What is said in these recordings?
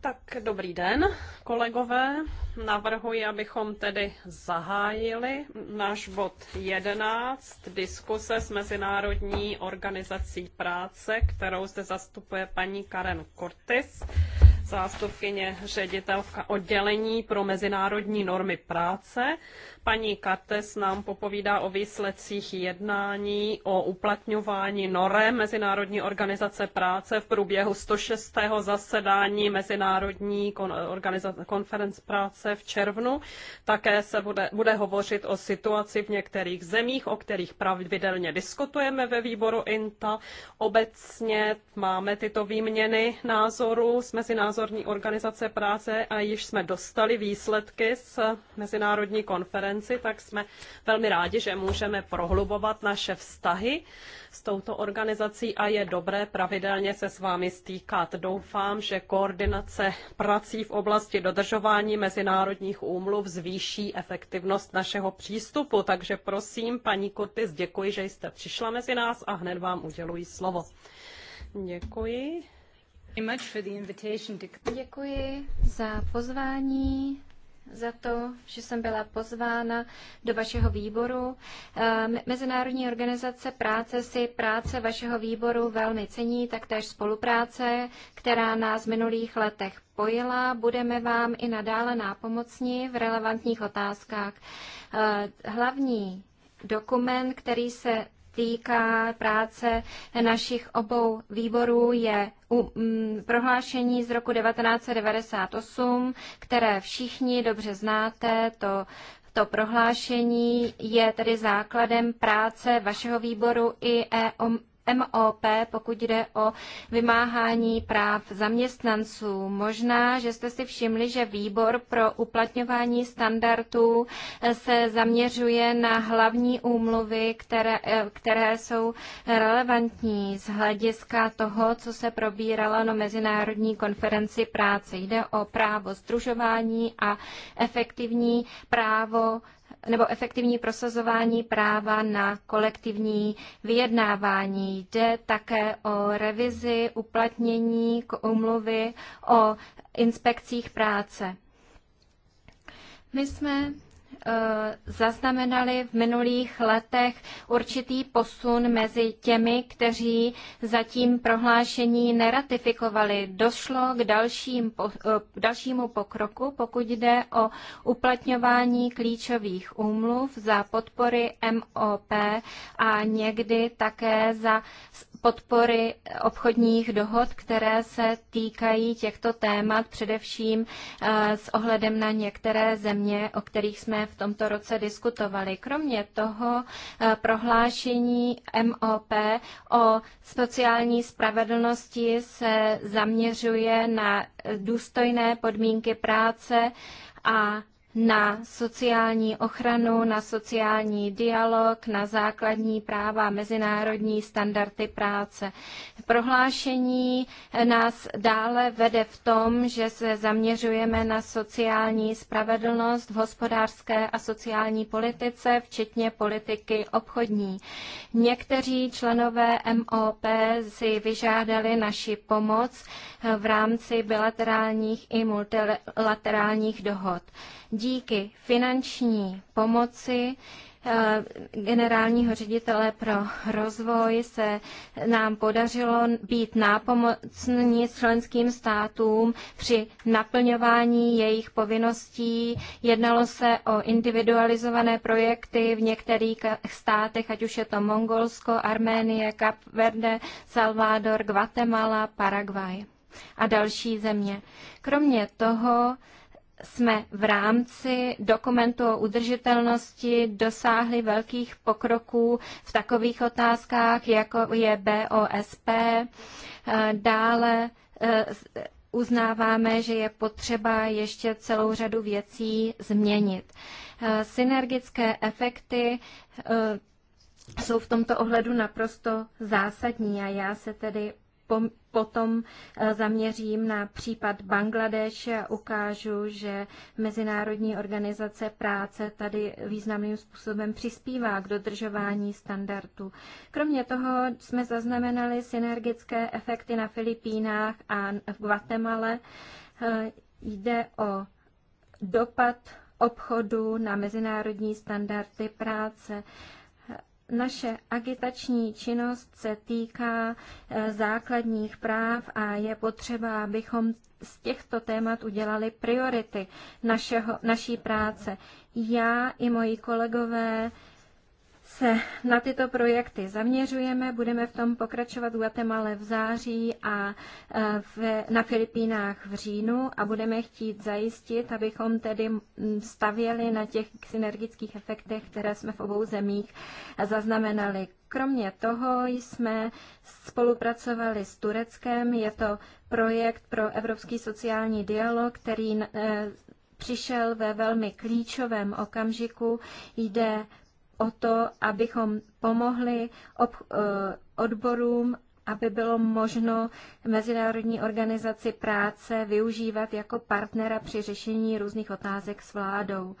Tak dobrý den, kolegové. Navrhuji, abychom tedy zahájili náš bod 11, diskuse s Mezinárodní organizací práce, kterou zde zastupuje paní Karen Cortis, zástupkyně ředitelka oddělení pro mezinárodní normy práce. Paní Kates nám popovídá o výsledcích jednání o uplatňování NORE Mezinárodní organizace práce v průběhu 106. zasedání Mezinárodní konference práce v červnu. Také se bude, bude hovořit o situaci v některých zemích, o kterých pravidelně diskutujeme ve výboru INTA. Obecně máme tyto výměny názorů z Mezinárodní organizace práce a již jsme dostali výsledky z Mezinárodní konference konferenci, tak jsme velmi rádi, že můžeme prohlubovat naše vztahy s touto organizací a je dobré pravidelně se s vámi stýkat. Doufám, že koordinace prací v oblasti dodržování mezinárodních úmluv zvýší efektivnost našeho přístupu. Takže prosím, paní Kurtis, děkuji, že jste přišla mezi nás a hned vám uděluji slovo. Děkuji. Děkuji za pozvání za to, že jsem byla pozvána do vašeho výboru. Eh, Mezinárodní organizace práce si práce vašeho výboru velmi cení, taktéž spolupráce, která nás v minulých letech pojila. Budeme vám i nadále nápomocní v relevantních otázkách. Eh, hlavní dokument, který se týká práce našich obou výborů, je mm, prohlášení z roku 1998, které všichni dobře znáte, to to prohlášení je tedy základem práce vašeho výboru i e MOP, pokud jde o vymáhání práv zaměstnanců. Možná, že jste si všimli, že výbor pro uplatňování standardů se zaměřuje na hlavní úmluvy, které, které jsou relevantní z hlediska toho, co se probíralo na Mezinárodní konferenci práce. Jde o právo združování a efektivní právo nebo efektivní prosazování práva na kolektivní vyjednávání. Jde také o revizi uplatnění k umluvy o inspekcích práce. My jsme Eh, zaznamenali v minulých letech určitý posun mezi těmi, kteří zatím prohlášení neratifikovali. Došlo k dalším, eh, dalšímu pokroku, pokud jde o uplatňování klíčových úmluv za podpory MOP a někdy také za podpory obchodních dohod, které se týkají těchto témat, především eh, s ohledem na některé země, o kterých jsme v tomto roce diskutovali. Kromě toho eh, prohlášení MOP o sociální spravedlnosti se zaměřuje na důstojné podmínky práce a na sociální ochranu, na sociální dialog, na základní práva, mezinárodní standardy práce. Prohlášení nás dále vede v tom, že se zaměřujeme na sociální spravedlnost v hospodářské a sociální politice, včetně politiky obchodní. Někteří členové MOP si vyžádali naši pomoc v rámci bilaterálních i multilaterálních dohod díky finanční pomoci eh, generálního ředitele pro rozvoj se nám podařilo být nápomocní členským státům při naplňování jejich povinností. Jednalo se o individualizované projekty v některých státech, ať už je to Mongolsko, Arménie, Kap Verde, Salvador, Guatemala, Paraguay a další země. Kromě toho jsme v rámci dokumentu o udržitelnosti dosáhli velkých pokroků v takových otázkách, jako je BOSP. Dále eh, uznáváme, že je potřeba ještě celou řadu věcí změnit. Eh, synergické efekty eh, jsou v tomto ohledu naprosto zásadní a já se tedy potom eh, zaměřím na případ Bangladeše a ukážu, že Mezinárodní organizace práce tady významným způsobem přispívá k dodržování standardů. Kromě toho jsme zaznamenali synergické efekty na Filipínách a v Guatemale. Eh, jde o dopad obchodu na mezinárodní standardy práce naše agitační činnost se týká eh, základních práv a je potřeba, abychom z těchto témat udělali priority našeho, naší práce. Já i moji kolegové se na tyto projekty zaměřujeme. Budeme v tom pokračovat v Guatemala v září a e, v, na Filipínách v říjnu a budeme chtít zajistit, abychom tedy stavěli na těch synergických efektech, které jsme v obou zemích zaznamenali. Kromě toho jsme spolupracovali s Tureckem. Je to projekt pro Evropský sociální dialog, který e, přišel ve velmi klíčovém okamžiku. Jde o to, abychom pomohli eh, odborům, aby bylo možno Mezinárodní organizaci práce využívat jako partnera při řešení různých otázek s vládou.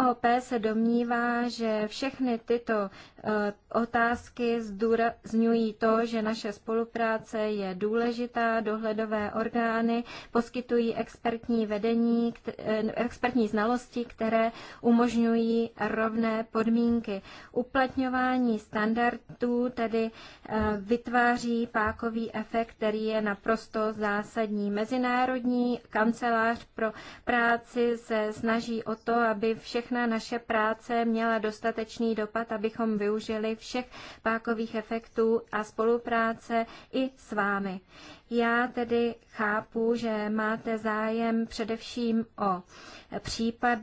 MOP se domnívá, že všechny tyto eh, otázky zdůrazňují to, že naše spolupráce je důležitá, dohledové orgány poskytují expertní vedení, eh, expertní znalosti, které umožňují rovné podmínky. Uplatňování standardů tedy eh, vytváří pákový efekt, který je naprosto zásadní. Mezinárodní kancelář pro práci se snaží o to, aby všechna naše práce měla dostatečný dopad, abychom využili všech pákových efektů a spolupráce i s vámi. Já tedy chápu, že máte zájem především o případ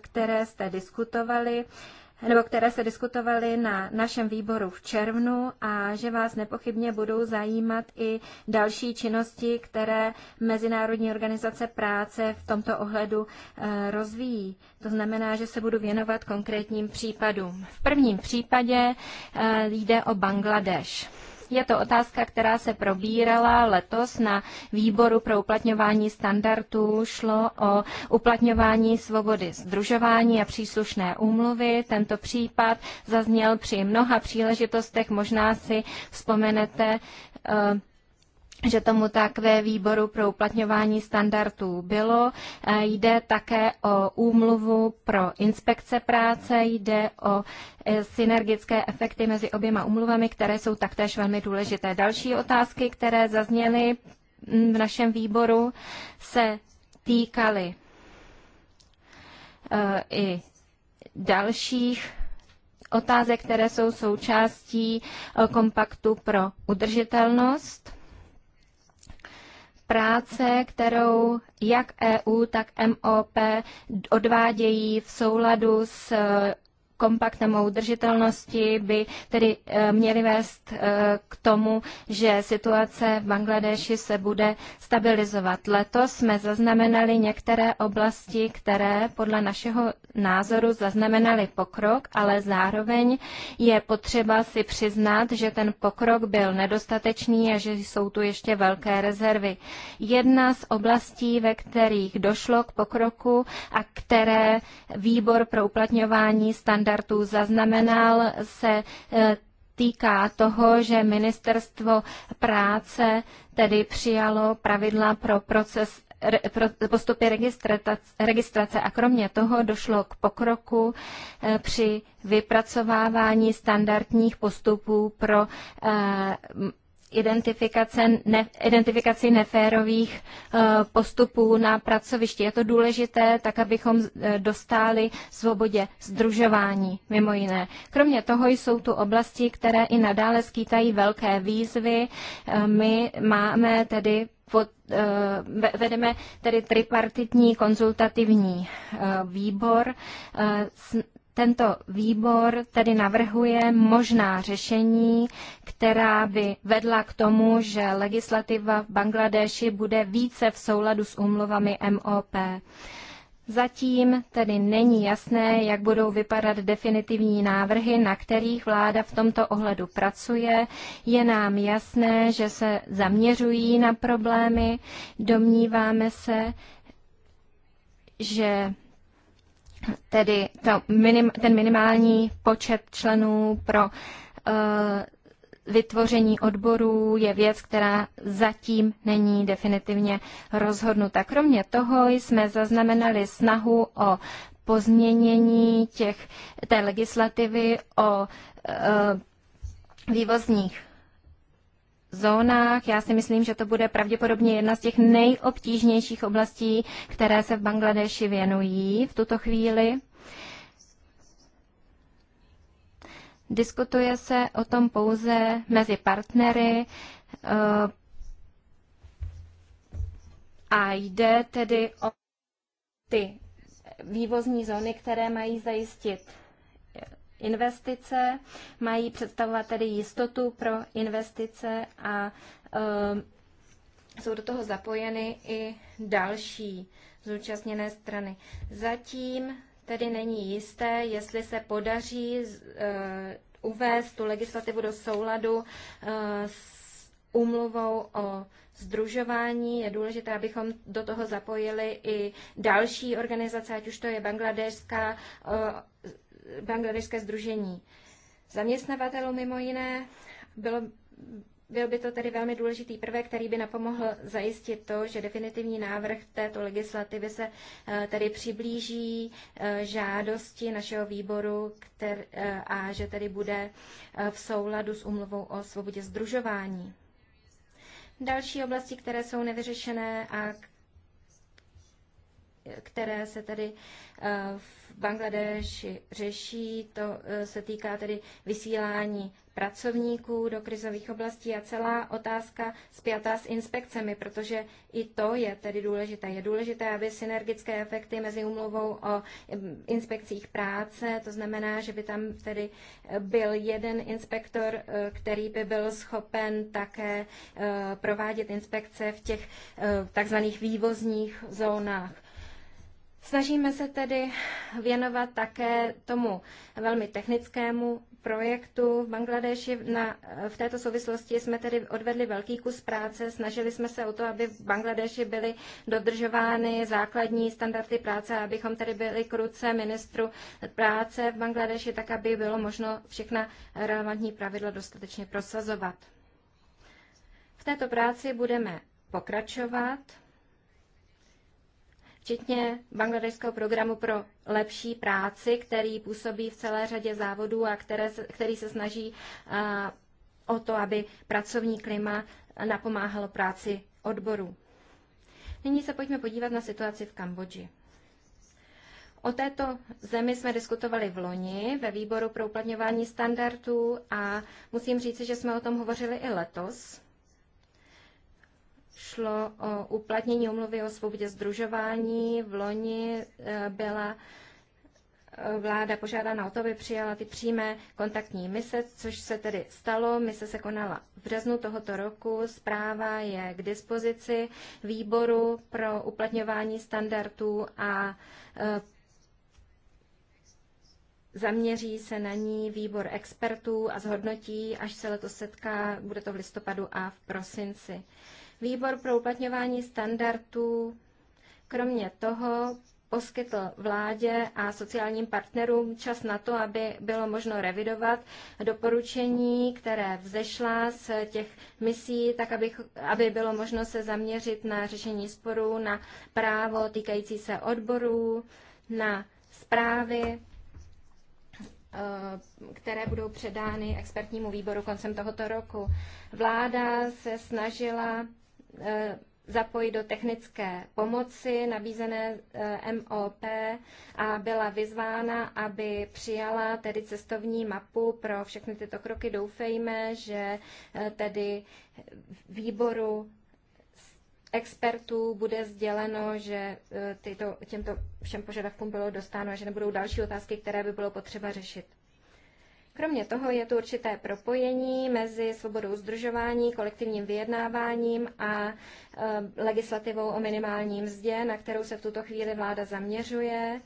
které jste diskutovali nebo které se diskutovaly na našem výboru v červnu a že vás nepochybně budou zajímat i další činnosti, které Mezinárodní organizace práce v tomto ohledu eh, rozvíjí. To znamená, že se budu věnovat konkrétním případům. V prvním případě eh, jde o Bangladeš. Je to otázka, která se probírala letos na výboru pro uplatňování standardů. Šlo o uplatňování svobody združování a příslušné úmluvy. Tento případ zazněl při mnoha příležitostech, možná si vzpomenete, eh, že tomu tak ve výboru pro uplatňování standardů bylo. E, jde také o úmluvu pro inspekce práce, jde o e, synergické efekty mezi oběma úmluvami, které jsou taktéž velmi důležité. Další otázky, které zazněly mm, v našem výboru, se týkaly e, i dalších otázek, které jsou součástí kompaktu pro udržitelnost práce, kterou jak EU, tak MOP odvádějí v souladu s kompaktem o udržitelnosti by tedy eh, měly vést eh, k tomu, že situace v Bangladeši se bude stabilizovat. Letos jsme zaznamenali některé oblasti, které podle našeho názoru zaznamenaly pokrok, ale zároveň je potřeba si přiznat, že ten pokrok byl nedostatečný a že jsou tu ještě velké rezervy. Jedna z oblastí, ve kterých došlo k pokroku a které výbor pro uplatňování standardů standardů zaznamenal, se e, týká toho, že ministerstvo práce tedy přijalo pravidla pro proces postupy registrace a kromě toho došlo k pokroku e, při vypracovávání standardních postupů pro e, identifikace, ne, identifikaci neférových eh, postupů na pracovišti. Je to důležité, tak abychom eh, dostáli svobodě združování, mimo jiné. Kromě toho jsou tu oblasti, které i nadále skýtají velké výzvy. Eh, my máme tedy pod, vedeme tedy tripartitní konzultativní výbor. Tento výbor tedy navrhuje možná řešení, která by vedla k tomu, že legislativa v Bangladeši bude více v souladu s úmluvami MOP. Zatím tedy není jasné, jak budou vypadat definitivní návrhy, na kterých vláda v tomto ohledu pracuje. Je nám jasné, že se zaměřují na problémy. Domníváme se, že tedy to minim, ten minimální počet členů pro uh, vytvoření odborů je věc, která zatím není definitivně rozhodnuta. Kromě toho jsme zaznamenali snahu o pozměnění těch, té legislativy o uh, vývozních zónách. Já si myslím, že to bude pravděpodobně jedna z těch nejobtížnějších oblastí, které se v Bangladeši věnují v tuto chvíli. Diskutuje se o tom pouze mezi partnery eh, a jde tedy o ty vývozní zóny, které mají zajistit investice, mají představovat tedy jistotu pro investice a ehm, jsou do toho zapojeny i další zúčastněné strany. Zatím tedy není jisté, jestli se podaří eh, uvést tu legislativu do souladu eh, s úmluvou o združování. Je důležité, abychom do toho zapojili i další organizace, ať už to je bangladéšská eh, bangladešské združení zaměstnavatelů mimo jiné. Bylo, byl by to tedy velmi důležitý prvek, který by napomohl zajistit to, že definitivní návrh této legislativy se eh, tedy přiblíží eh, žádosti našeho výboru kter, eh, a že tedy bude v souladu s umluvou o svobodě združování. Další oblasti, které jsou nevyřešené a které se tedy eh, v Bangladeši řeší. To eh, se týká tedy vysílání pracovníků do krizových oblastí a celá otázka zpětá s inspekcemi, protože i to je tedy důležité. Je důležité, aby synergické efekty mezi umluvou o inspekcích práce, to znamená, že by tam tedy eh, byl jeden inspektor, který by byl schopen také provádět inspekce v těch takzvaných vývozních zónách. Snažíme se tedy věnovat také tomu velmi technickému projektu v Bangladeši. Na, v této souvislosti jsme tedy odvedli velký kus práce. Snažili jsme se o to, aby v Bangladeši byly dodržovány základní standardy práce, abychom tedy byli k ruce ministru práce v Bangladeši, tak aby bylo možno všechna relevantní pravidla dostatečně prosazovat. V této práci budeme pokračovat včetně bangladeského programu pro lepší práci, který působí v celé řadě závodů a které, který se snaží o to, aby pracovní klima napomáhalo práci odborů. Nyní se pojďme podívat na situaci v Kambodži. O této zemi jsme diskutovali v loni ve výboru pro uplatňování standardů a musím říci, že jsme o tom hovořili i letos šlo o uplatnění umluvy o svobodě združování. V loni eh, byla eh, vláda požádána o to, aby přijala ty přímé kontaktní mise, což se tedy stalo. Mise se konala v březnu tohoto roku. Zpráva je k dispozici výboru pro uplatňování standardů a eh, Zaměří se na ní výbor expertů a zhodnotí, až se letos setká, bude to v listopadu a v prosinci. Výbor pro uplatňování standardů kromě toho poskytl vládě a sociálním partnerům čas na to, aby bylo možno revidovat doporučení, které vzešla z těch misí, tak aby, aby bylo možno se zaměřit na řešení sporů, na právo týkající se odborů, na zprávy, eh, které budou předány expertnímu výboru koncem tohoto roku. Vláda se snažila Eh, zapojit do technické pomoci nabízené eh, MOP a byla vyzvána, aby přijala tedy cestovní mapu pro všechny tyto kroky. Doufejme, že eh, tedy výboru expertů bude sděleno, že tyto, těmto všem požadavkům bylo dostáno a že nebudou další otázky, které by bylo potřeba řešit. Kromě toho je tu určité propojení mezi svobodou združování, kolektivním vyjednáváním a eh, legislativou o minimálním mzdě, na kterou se v tuto chvíli vláda zaměřuje.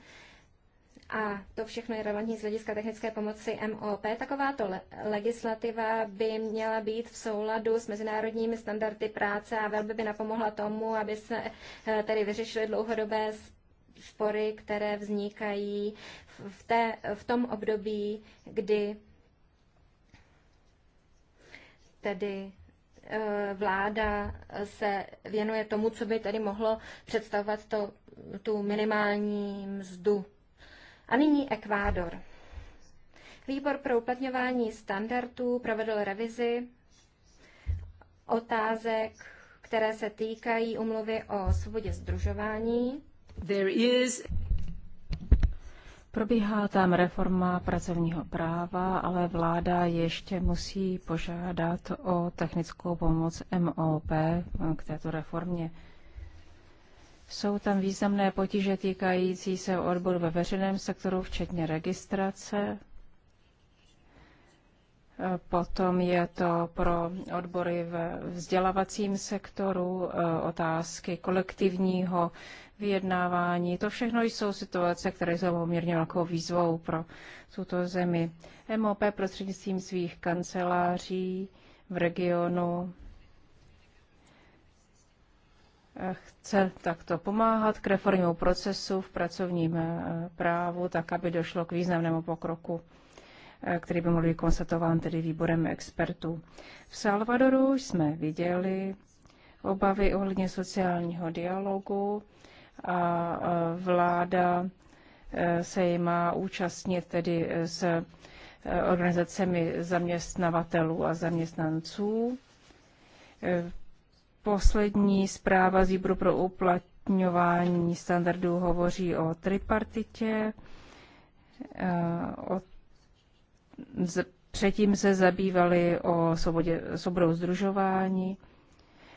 A to všechno je relevantní z hlediska technické pomoci MOP. Takováto le- legislativa by měla být v souladu s mezinárodními standardy práce a velmi by napomohla tomu, aby se eh, tedy vyřešily dlouhodobé spory, které vznikají v, té, v tom období, kdy tedy eh, vláda se věnuje tomu, co by tedy mohlo představovat to, tu minimální mzdu. A nyní Ekvádor. Výbor pro uplatňování standardů provedl revizi otázek, které se týkají umluvy o svobodě združování. Probíhá tam reforma pracovního práva, ale vláda ještě musí požádat o technickou pomoc MOP k této reformě. Jsou tam významné potíže týkající se odboru ve veřejném sektoru, včetně registrace. Potom je to pro odbory ve vzdělávacím sektoru e, otázky kolektivního vyjednávání. To všechno jsou situace, které jsou poměrně velkou výzvou pro tuto zemi. MOP prostřednictvím svých kanceláří v regionu chce takto pomáhat k reformnímu procesu v pracovním eh, právu, tak aby došlo k významnému pokroku eh, který by mohl být konstatován tedy výborem expertů. V Salvadoru jsme viděli obavy ohledně sociálního dialogu a vláda e, se jí má účastnit tedy s e, organizacemi zaměstnavatelů a zaměstnanců. E, poslední zpráva z výboru pro uplatňování standardů hovoří o tripartitě. předtím se zabývali o svobodě, svobodou združování.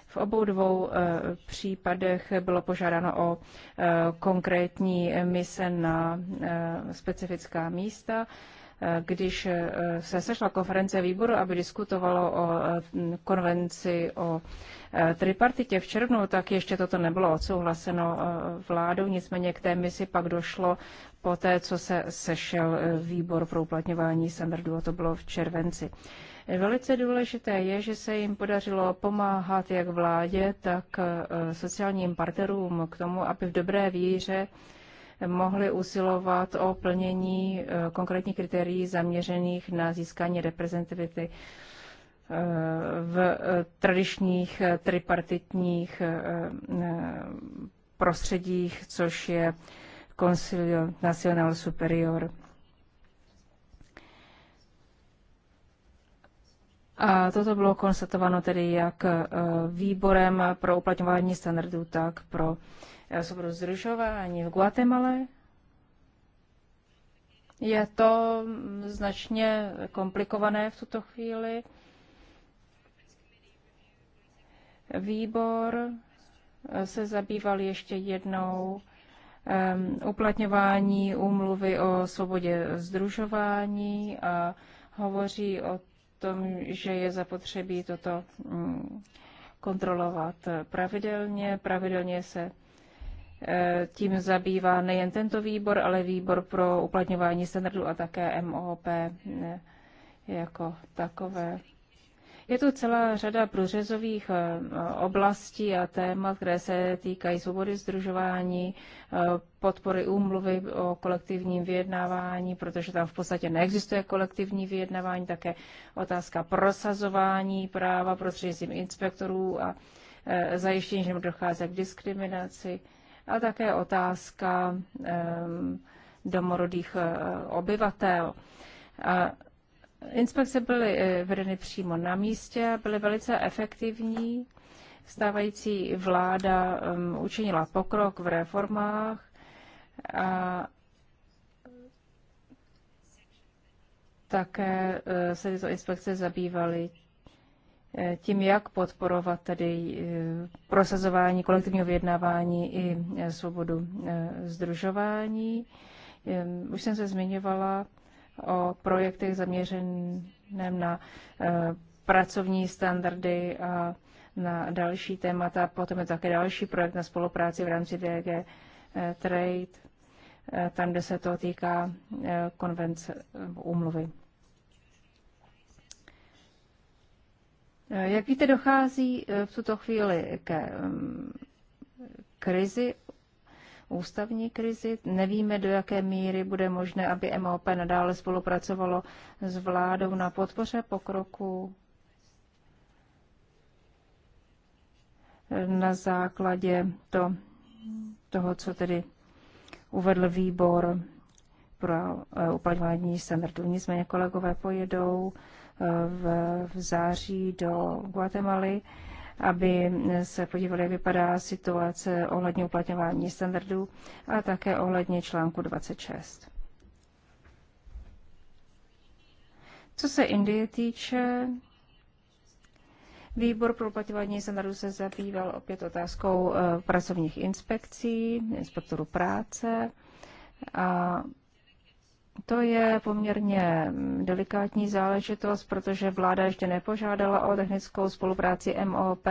V obou dvou eh, případech bylo požádáno o eh, konkrétní mise na eh, specifická místa. Když se sešla konference výboru, aby diskutovalo o konvenci o tripartitě v červnu, tak ještě toto nebylo odsouhlaseno vládou, nicméně k té misi pak došlo po té, co se sešel výbor pro uplatňování standardů, a to bylo v červenci. Velice důležité je, že se jim podařilo pomáhat jak vládě, tak eh, sociálním partnerům k tomu, aby v dobré víře mohli usilovat o plnění eh, konkrétních kritérií zaměřených na získání reprezentativity eh, v tradičních tripartitních prostředích, což je Consilio Nacional Superior. A toto bylo konstatováno tedy jak e, výborem pro uplatňování standardů, tak pro e, svobodu zrušování v Guatemala. Je to mm, značně komplikované v tuto chvíli. Výbor e, se zabýval ještě jednou um, uplatňování úmluvy o svobodě združování a hovoří o tom, že je zapotřebí toto mm, kontrolovat pravidelně. Pravidelně se e, tím zabývá nejen tento výbor, ale výbor pro uplatňování standardů a také MOP e, jako takové. Je tu celá řada průřezových eh, oblastí a témat, které se týkají svobody združování, eh, podpory úmluvy o kolektivním vyjednávání, protože tam v podstatě neexistuje kolektivní vyjednávání, také otázka prosazování práva prostřednictvím inspektorů a eh, zajištění, že dochází k diskriminaci a také otázka ehm, domorodých obyvatel. A Inspekce byly eh, vedeny přímo na místě a byly velice efektivní. Stávající vláda um, učinila pokrok v reformách a také eh, se tyto inspekce zabývaly eh, tím, jak podporovat tedy prosazování kolektivního vyjednávání i svobodu združování. Už jsem se zmiňovala o projektech zaměřeném na eh, pracovní standardy a na další témata. Potom je také další projekt na spolupráci v rámci DG eh, Trade, eh, tam, kde se to týká konvence úmluvy. Jak víte, dochází v tuto chvíli ke mm, krizi ústavní krizi. Nevíme, do jaké míry bude možné, aby MOP nadále spolupracovalo s vládou na podpoře pokroku na základě to, toho, co tedy uvedl výbor pro eh, uplatňování standardů. Nicméně kolegové pojedou eh, v, v září do Guatemaly aby se podívali, jak vypadá situace ohledně uplatňování standardů a také ohledně článku 26. Co se Indie týče, Výbor pro uplatňování standardů se zabýval opět otázkou eh, pracovních inspekcí, inspektorů práce a to je poměrně mm, delikátní záležitost, protože vláda ještě nepožádala o technickou spolupráci MOP,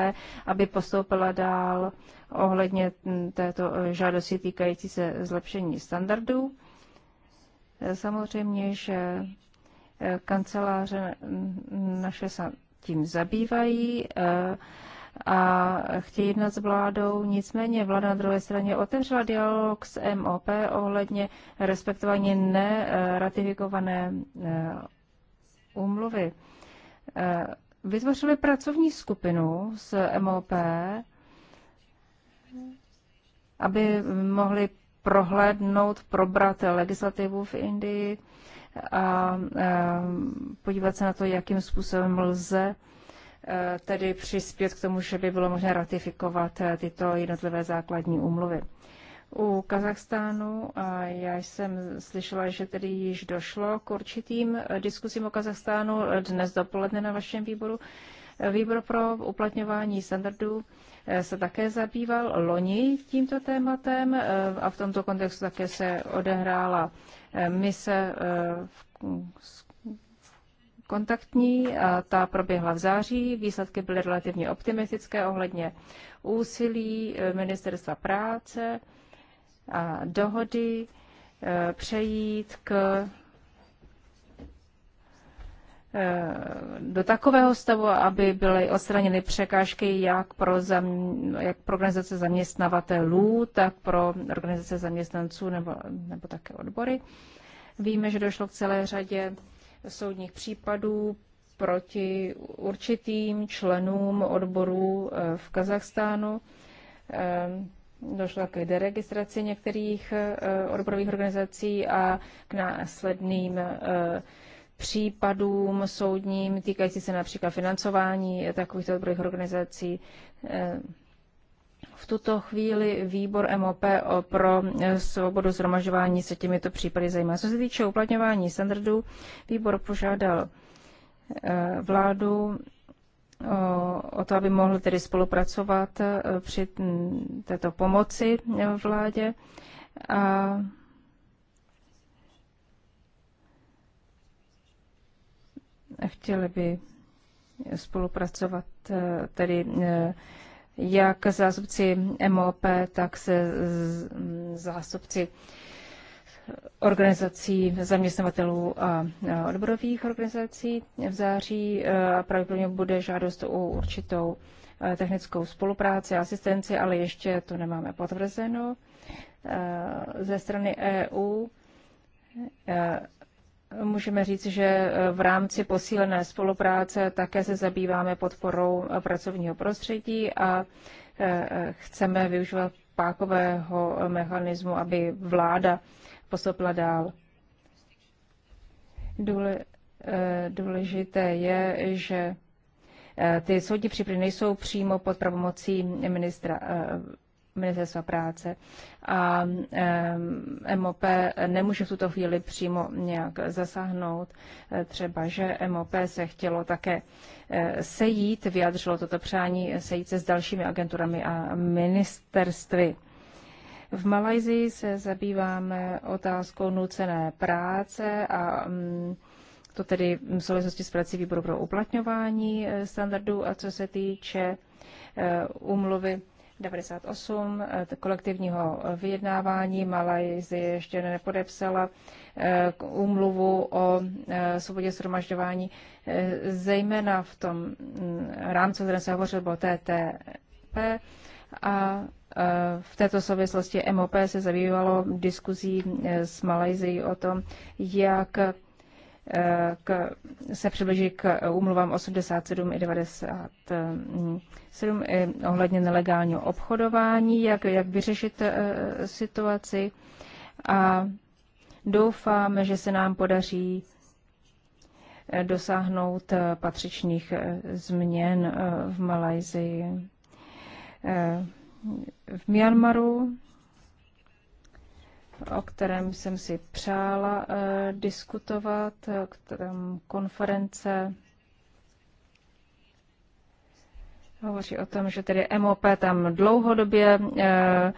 aby postoupila dál ohledně mm, této e, žádosti týkající se zlepšení standardů. E, samozřejmě, že e, kanceláře mm, naše se tím zabývají a chtějí jednat s vládou. Nicméně vláda na druhé straně otevřela dialog s MOP ohledně respektování neratifikované eh, úmluvy. Eh, vytvořili pracovní skupinu s MOP, aby mohli prohlédnout, probrat legislativu v Indii a eh, podívat se na to, jakým způsobem lze Eh, tedy přispět k tomu, že by bylo možné ratifikovat eh, tyto jednotlivé základní úmluvy. U Kazachstánu a já jsem slyšela, že tedy již došlo k určitým eh, diskusím o Kazachstánu dnes dopoledne na vašem výboru. Výbor pro uplatňování standardů se také zabýval loni tímto tématem a v tomto kontextu také se odehrála mise v kontaktní ta proběhla v září. Výsledky byly relativně optimistické ohledně úsilí e, ministerstva práce a dohody e, přejít k e, do takového stavu, aby byly odstraněny překážky jak pro, zam, jak pro organizace zaměstnavatelů, tak pro organizace zaměstnanců nebo, nebo také odbory. Víme, že došlo k celé řadě soudních případů proti určitým členům odborů eh, v Kazachstánu. Ehm, došlo k deregistraci některých eh, odborových organizací a k následným eh, případům soudním týkající se například financování takovýchto odborových organizací. Ehm, v tuto chvíli výbor MOP pro eh, svobodu zhromažování se těmito případy zajímá. Co se týče uplatňování standardů, výbor požádal eh, vládu o to, aby mohl tedy spolupracovat eh, při této pomoci vládě. A chtěli by spolupracovat tedy jak zástupci MOP, tak se zástupci organizací zaměstnavatelů a odborových organizací. V září e, pravděpodobně bude žádost o určitou e, technickou spolupráci a asistenci, ale ještě to nemáme potvrzeno. E, ze strany EU Můžeme říct, že eh, v rámci posílené spolupráce také se zabýváme podporou eh, pracovního prostředí a eh, chceme využívat pákového mechanismu, aby vláda posopla dál. Důle, důležité je, že ty soudní přípravy nejsou přímo pod pravomocí ministra ministerstva práce a MOP nemůže v tuto chvíli přímo nějak zasáhnout. E, třeba, že MOP se chtělo také e, sejít, vyjadřilo toto přání e, sejít se s dalšími agenturami a ministerstvy. V Malajzii se zabýváme otázkou nucené práce a mm, to tedy v souvislosti s prací výboru pro uplatňování standardů a co se týče umluvy 98 eh, kolektivního vyjednávání. Malajzie ještě nepodepsala eh, úmluvu o eh, svobodě shromažďování, zejména v tom mm, rámci, o kterém se hovořil, bylo TTP a v této souvislosti MOP se zabývalo diskuzí s Malajzií o tom, jak k, se přibliží k úmluvám 87 i 97 i eh, ohledně nelegálního obchodování, jak, jak vyřešit eh, situaci. A doufáme, že se nám podaří eh, dosáhnout patřičných změn v Malajzii. V Myanmaru o kterém jsem si přála eh, diskutovat, o kterém konference hovoří o tom, že tedy MOP tam dlouhodobě eh,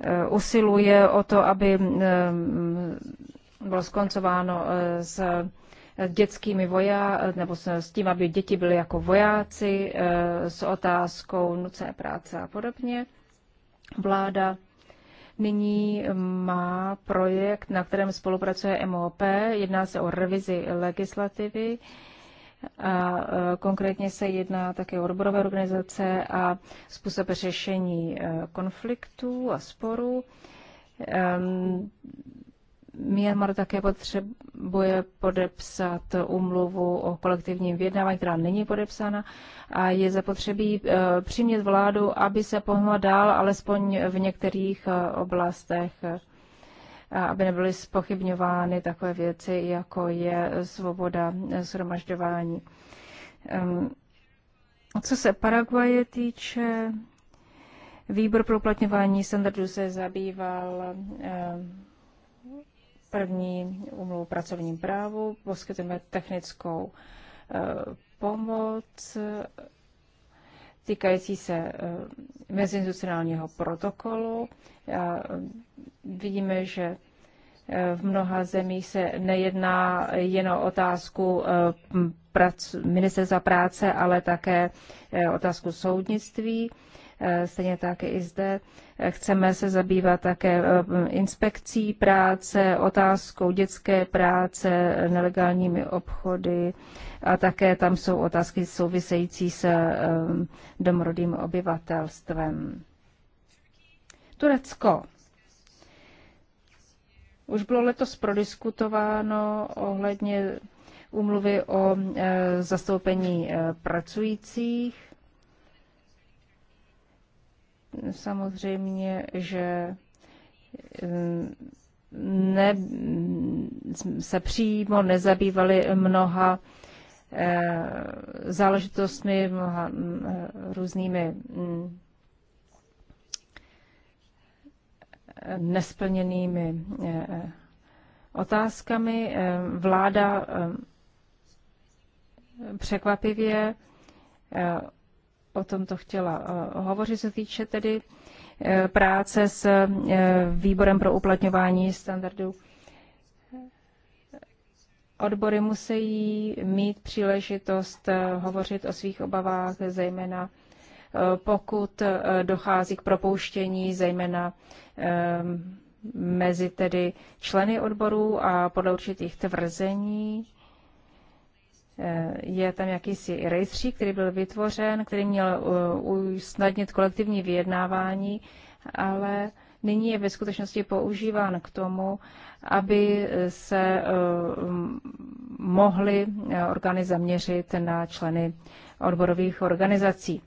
eh, usiluje o to, aby eh, bylo skoncováno eh, s dětskými vojá, nebo s tím, aby děti byly jako vojáci, s otázkou nucené práce a podobně. Vláda Nyní má projekt, na kterém spolupracuje MOP. Jedná se o revizi legislativy. A e, konkrétně se jedná také o odborové organizace a způsob řešení e, konfliktů a sporů. Myanmar také potřebuje podepsat umluvu o kolektivním vyjednávání, která není podepsána a je zapotřebí eh, přimět vládu, aby se pohnula dál, alespoň v některých eh, oblastech, eh, aby nebyly spochybňovány takové věci, jako je svoboda shromažďování. Co se Paraguaje týče, výbor pro uplatňování standardů se zabýval První umluvu pracovním právu, poskytujeme technickou eh, pomoc týkající se eh, mezinstitucionálního protokolu. A eh, vidíme, že v mnoha zemích se nejedná jen o otázku prac, ministerstva práce, ale také otázku soudnictví. Eh, stejně tak i zde eh, chceme se zabývat také eh, inspekcí práce, otázkou dětské práce, nelegálními obchody a také tam jsou otázky související se domorodým obyvatelstvem. Turecko. Už bylo letos prodiskutováno ohledně úmluvy o zastoupení pracujících samozřejmě, že mm, ne, se přímo nezabývali mnoha eh, záležitostmi, mnoha eh, různými mm, nesplněnými eh, otázkami. Vláda překvapivě o tom to chtěla eh, hovořit, se týče tedy eh, práce s eh, výborem pro uplatňování standardů. Odbory musí mít příležitost hovořit o svých obavách, zejména pokud dochází k propouštění, zejména mezi tedy členy odborů a podle určitých tvrzení Eh, je tam jakýsi rejstřík, který byl vytvořen, který měl eh, usnadnit kolektivní vyjednávání, ale nyní je ve skutečnosti používán k tomu, aby se eh, mohly orgány zaměřit na členy odborových organizací.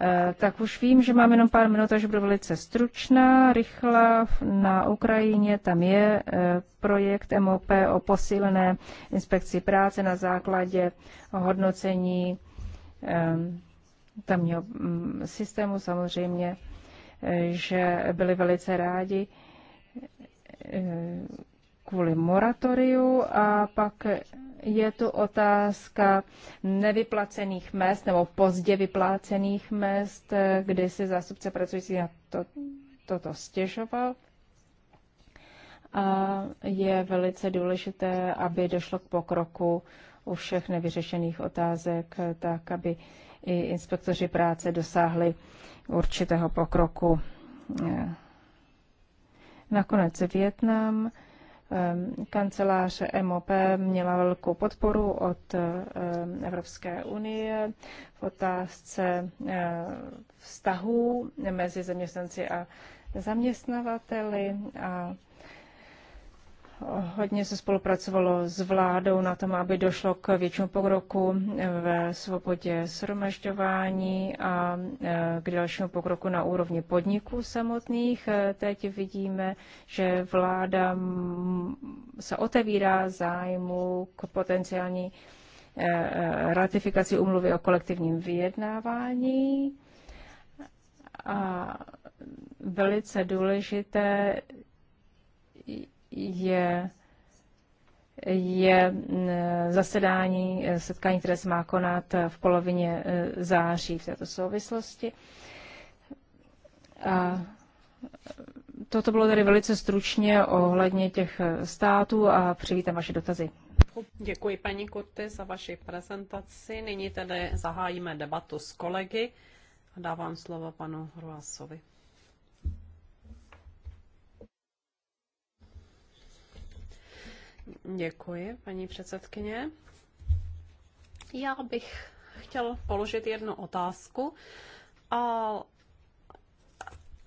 Eh, tak už vím, že mám jenom pár minut, takže budu velice stručná, rychlá. Na Ukrajině tam je eh, projekt MOP o posílené inspekci práce na základě hodnocení ehm, tamního mm, systému samozřejmě, eh, že byli velice rádi kvůli moratoriu a pak je tu otázka nevyplacených mest nebo pozdě vyplácených mest, kdy si zástupce pracující na to, toto stěžoval. A je velice důležité, aby došlo k pokroku u všech nevyřešených otázek, tak aby i inspektoři práce dosáhli určitého pokroku. Nakonec Větnam. Ehm, kancelář MOP měla velkou podporu od ehm, Evropské unie v otázce ehm, vztahů mezi zaměstnanci a zaměstnavateli a Hodně se spolupracovalo s vládou na tom, aby došlo k většímu pokroku ve svobodě shromažďování a e, k dalšímu pokroku na úrovni podniků samotných. E, teď vidíme, že vláda se otevírá zájmu k potenciální e, ratifikaci umluvy o kolektivním vyjednávání. A velice důležité je, je eh, zasedání, eh, setkání, které se má konat eh, v polovině září v této souvislosti. A toto bylo tady velice stručně ohledně těch států a přivítám vaše dotazy. Děkuji paní Kurty za vaši prezentaci. Nyní tedy zahájíme debatu s kolegy a dávám slovo panu Ruasovi. Děkuji, paní předsedkyně. Já bych chtěl položit jednu otázku a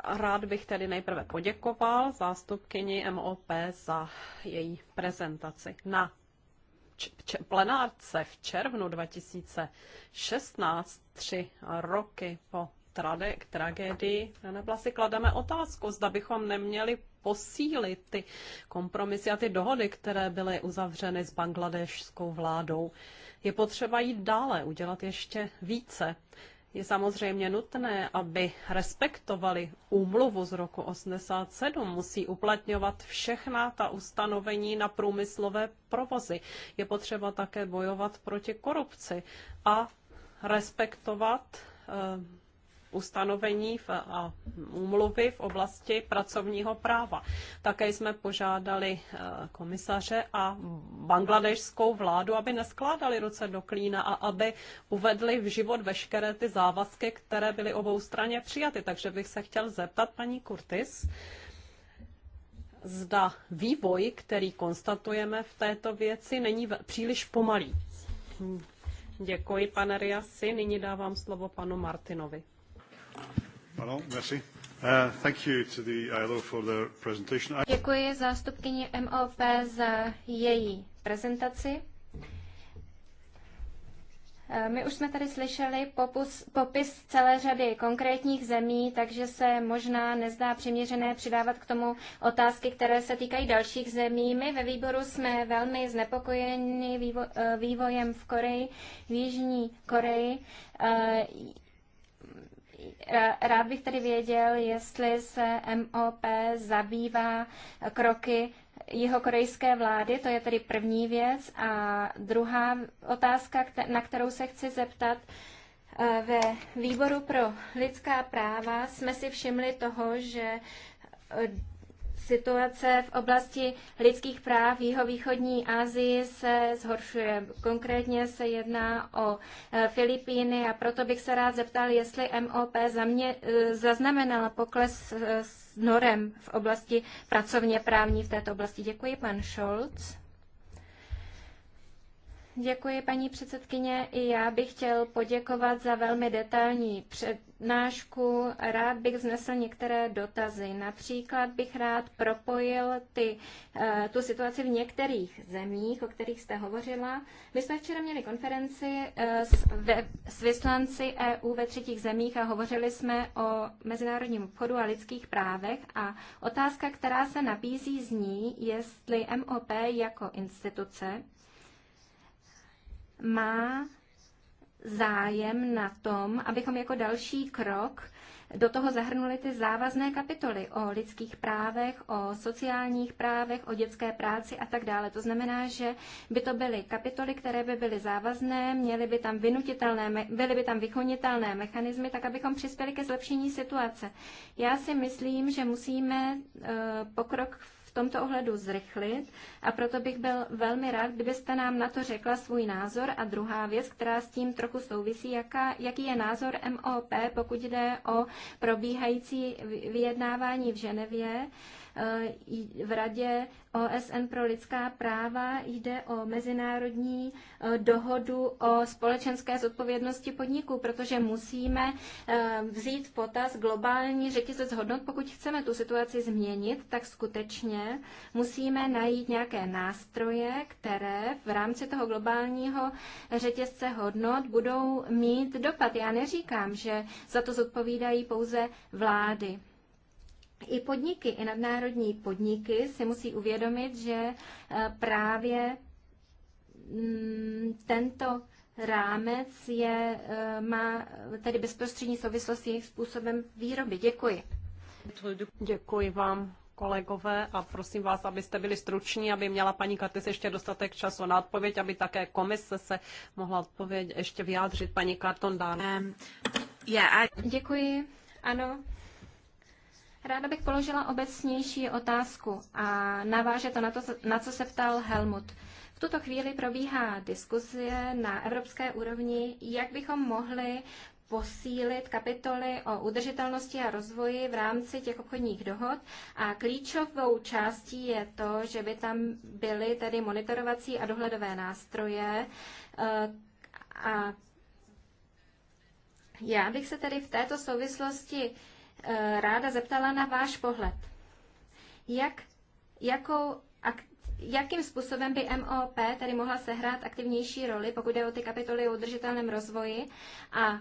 rád bych tedy nejprve poděkoval zástupkyni MOP za její prezentaci. Na plenárce v červnu 2016, tři roky po trade, k tragédii nebla si klademe otázku, zda bychom neměli posílit ty kompromisy a ty dohody, které byly uzavřeny s bangladešskou vládou. Je potřeba jít dále, udělat ještě více. Je samozřejmě nutné, aby respektovali úmluvu z roku 87, musí uplatňovat všechna ta ustanovení na průmyslové provozy. Je potřeba také bojovat proti korupci a respektovat eh, ustanovení v, a úmluvy v oblasti pracovního práva. Také jsme požádali eh, komisaře a bangladešskou vládu, aby neskládali ruce do klína a aby uvedli v život veškeré ty závazky, které byly obou straně přijaty. Takže bych se chtěl zeptat paní Kurtis, zda vývoj, který konstatujeme v této věci, není příliš pomalý. Děkuji, pane Riasi. Nyní dávám slovo panu Martinovi. Děkuji zástupkyni MOP za její prezentaci. Eh, my už jsme tady slyšeli popus, popis celé řady konkrétních zemí, takže se možná nezdá přiměřené přidávat k tomu otázky, které se týkají dalších zemí. My ve výboru jsme velmi znepokojeni vývo, eh, vývojem v Koreji, v Jižní Koreji. Eh, Rád bych tedy věděl, jestli se MOP zabývá kroky jeho korejské vlády, to je tedy první věc. A druhá otázka, na kterou se chci zeptat, eh, ve výboru pro lidská práva jsme si všimli toho, že eh, Situace v oblasti lidských práv v jihovýchodní Asii se zhoršuje. Konkrétně se jedná o eh, Filipíny a proto bych se rád zeptal, jestli MOP zamě, eh, zaznamenala pokles eh, s norem v oblasti pracovně právní v této oblasti. Děkuji, pan Scholz. Děkuji, paní předsedkyně. I já bych chtěl poděkovat za velmi detailní přednášku. Rád bych vznesl některé dotazy. Například bych rád propojil ty, eh, tu situaci v některých zemích, o kterých jste hovořila. My jsme včera měli konferenci eh, s, ve, s vyslanci EU ve třetích zemích a hovořili jsme o mezinárodním obchodu a lidských právech. A otázka, která se nabízí, zní, jestli MOP jako instituce má zájem na tom, abychom jako další krok do toho zahrnuli ty závazné kapitoly o lidských právech, o sociálních právech, o dětské práci a tak dále. To znamená, že by to byly kapitoly, které by byly závazné, měly by tam vynutitelné, byly by tam vychonitelné mechanismy, tak abychom přispěli ke zlepšení situace. Já si myslím, že musíme eh, pokrok v tomto ohledu zrychlit a proto bych byl velmi rád, kdybyste nám na to řekla svůj názor. A druhá věc, která s tím trochu souvisí, jaká, jaký je názor MOP, pokud jde o probíhající vyjednávání v Ženevě. Eh, v Radě OSN pro lidská práva jde o mezinárodní eh, dohodu o společenské zodpovědnosti podniků, protože musíme eh, vzít v potaz globální řetězec hodnot. Pokud chceme tu situaci změnit, tak skutečně musíme najít nějaké nástroje, které v rámci toho globálního řetězce hodnot budou mít dopad. Já neříkám, že za to zodpovídají pouze vlády. I podniky, i nadnárodní podniky si musí uvědomit, že eh, právě mm, tento rámec je, eh, má tedy bezprostřední souvislost s jejich způsobem výroby. Děkuji. Děkuji vám, kolegové, a prosím vás, abyste byli struční, aby měla paní Katis ještě dostatek času na odpověď, aby také komise se mohla odpověď ještě vyjádřit paní Kartondán. Um, yeah, I... Děkuji. Ano, Ráda bych položila obecnější otázku a naváže to na to, na co se ptal Helmut. V tuto chvíli probíhá diskuzie na evropské úrovni, jak bychom mohli posílit kapitoly o udržitelnosti a rozvoji v rámci těch obchodních dohod a klíčovou částí je to, že by tam byly tedy monitorovací a dohledové nástroje eh, a já bych se tedy v této souvislosti Eh, ráda zeptala na váš pohled. Jak, jakou ak, jakým způsobem by MOP tady mohla sehrát aktivnější roli, pokud jde o ty kapitoly o udržitelném rozvoji a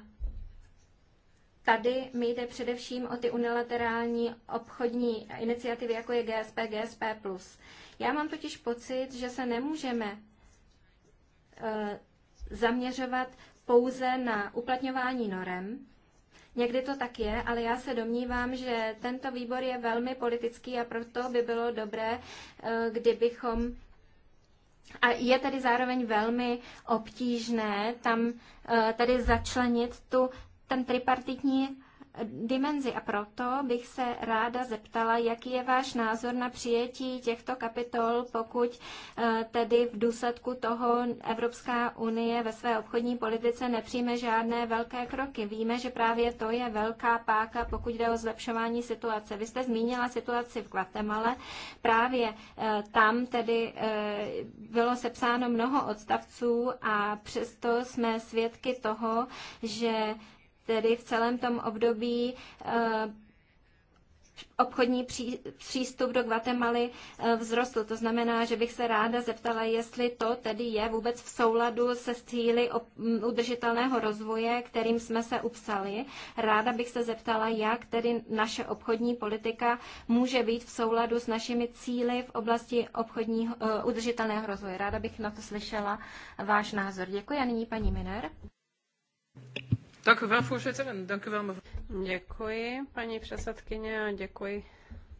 Tady mi jde především o ty unilaterální obchodní iniciativy, jako je GSP, GSP+. Já mám totiž pocit, že se nemůžeme eh, zaměřovat pouze na uplatňování norem, Někdy to tak je, ale já se domnívám, že tento výbor je velmi politický a proto by bylo dobré, eh, kdybychom a je tedy zároveň velmi obtížné tam eh, tady začlenit tu, ten tripartitní dimenzi a proto bych se ráda zeptala, jaký je váš názor na přijetí těchto kapitol, pokud eh, tedy v důsledku toho Evropská unie ve své obchodní politice nepřijme žádné velké kroky. Víme, že právě to je velká páka, pokud jde o zlepšování situace. Vy jste zmínila situaci v Guatemala. Právě eh, tam tedy eh, bylo sepsáno mnoho odstavců a přesto jsme svědky toho, že tedy v celém tom období eh, obchodní přístup do Guatemaly eh, vzrostl. To znamená, že bych se ráda zeptala, jestli to tedy je vůbec v souladu se cíly mm, udržitelného rozvoje, kterým jsme se upsali. Ráda bych se zeptala, jak tedy naše obchodní politika může být v souladu s našimi cíly v oblasti obchodního, eh, udržitelného rozvoje. Ráda bych na to slyšela váš názor. Děkuji a nyní paní Miner. Dank u wel, voorzitter. En dank u wel, mevrouw. Děkuji, paní předsedkyně, a děkuji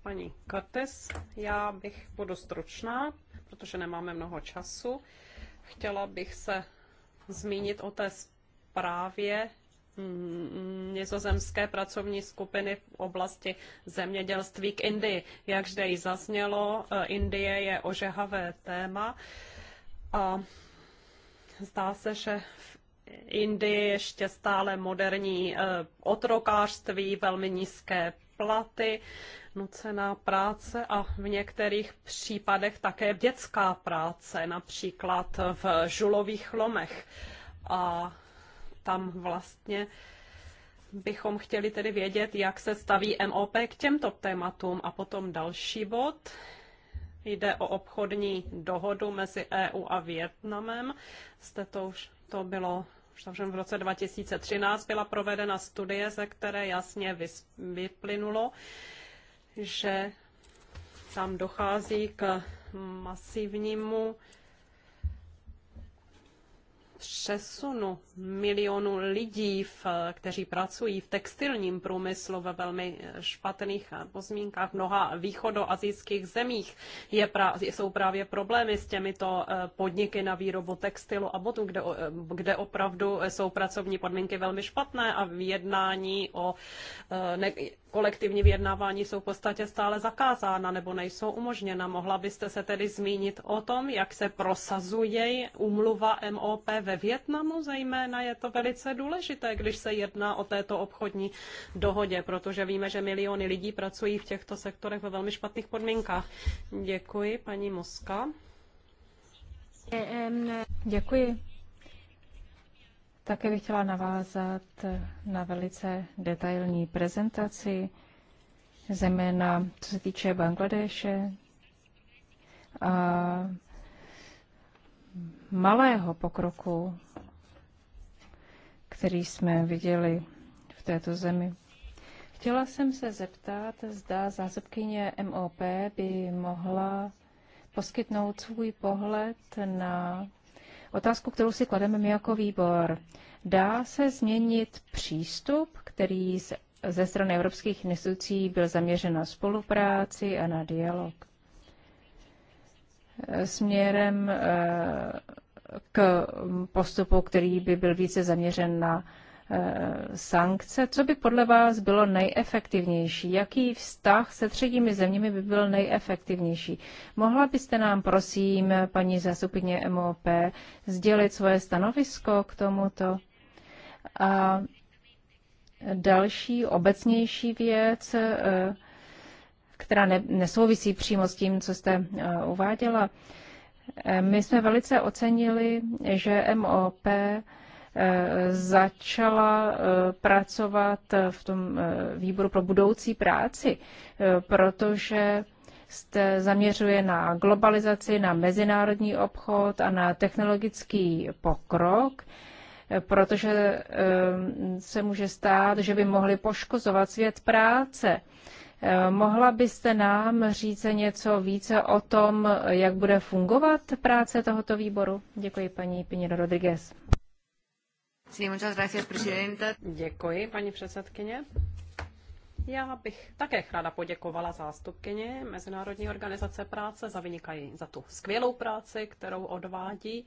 paní Kates. Já bych budu stručná, protože nemáme mnoho času. Chtěla bych se zmínit o té zprávě nizozemské pracovní skupiny v oblasti zemědělství k Indii. Jak zde ji zaznělo, eh, Indie je ožehavé téma a zdá se, že v Indii ještě stále moderní eh, otrokářství, velmi nízké platy, nucená práce a v některých případech také dětská práce, například v žulových lomech. A tam vlastně bychom chtěli tedy vědět, jak se staví MOP k těmto tématům. A potom další bod. Jde o obchodní dohodu mezi EU a Větnamem. Jste to už to bylo v roce 2013 byla provedena studie, ze které jasně vyplynulo, že tam dochází k masivnímu přesunu milionů lidí, v, kteří pracují v textilním průmyslu ve velmi špatných pozmínkách mnoha východoazijských zemích, je pra, jsou právě problémy s těmito eh, podniky na výrobu textilu a botů, kde, eh, kde opravdu jsou pracovní podmínky velmi špatné a v jednání o eh, ne, kolektivní vyjednávání jsou v podstatě stále zakázána nebo nejsou umožněna. Mohla byste se tedy zmínit o tom, jak se prosazuje umluva MOP ve Větnamu? Zejména je to velice důležité, když se jedná o této obchodní dohodě, protože víme, že miliony lidí pracují v těchto sektorech ve velmi špatných podmínkách. Děkuji, paní Moska. Eh, Děkuji. Také bych chtěla navázat na velice detailní prezentaci, zejména co se týče Bangladeše a malého pokroku, který jsme viděli v této zemi. Chtěla jsem se zeptat, zda zásobkyně MOP by mohla poskytnout svůj pohled na otázku, kterou si klademe my jako výbor. Dá se změnit přístup, který ze strany evropských institucí byl zaměřen na spolupráci a na dialog eh, směrem eh, k postupu, který by byl více zaměřen na Eh, sankce, co by podle vás bylo nejefektivnější? Jaký vztah se třetími zeměmi by byl nejefektivnější? Mohla byste nám, prosím, paní zástupně MOP, sdělit svoje stanovisko k tomuto? A další obecnější věc, eh, která nesouvisí přímo s tím, co jste eh, uváděla. My jsme velice ocenili, že MOP začala eh, pracovat v tom eh, výboru pro budoucí práci, eh, protože se zaměřuje na globalizaci, na mezinárodní obchod a na technologický pokrok, protože se může stát, že by mohli poškozovat svět práce. Mohla byste nám říct něco více o tom, jak bude fungovat práce tohoto výboru? Děkuji paní Pinedo Rodriguez. Děkuji, paní předsedkyně. Já bych také ráda poděkovala zástupkyně Mezinárodní organizace práce za vynikají za tu skvělou práci, kterou odvádí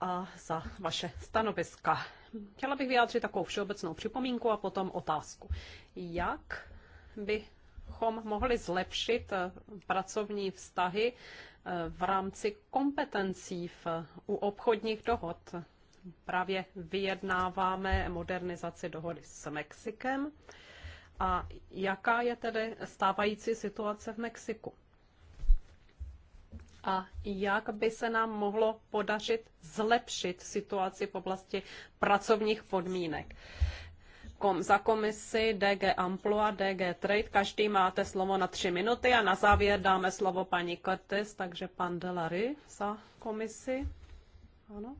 a za vaše stanoviska. Chtěla bych vyjádřit takovou všeobecnou připomínku a potom otázku. Jak bychom mohli zlepšit pracovní vztahy v rámci kompetencí v, u obchodních dohod? právě vyjednáváme modernizaci dohody s Mexikem. A jaká je tedy stávající situace v Mexiku? a jak by se nám mohlo podařit zlepšit situaci v oblasti pracovních podmínek. Kom, za komisi DG Amploa, DG Trade, každý máte slovo na tři minuty a na závěr dáme slovo paní Cortes, takže pan Delary za komisi. Ano.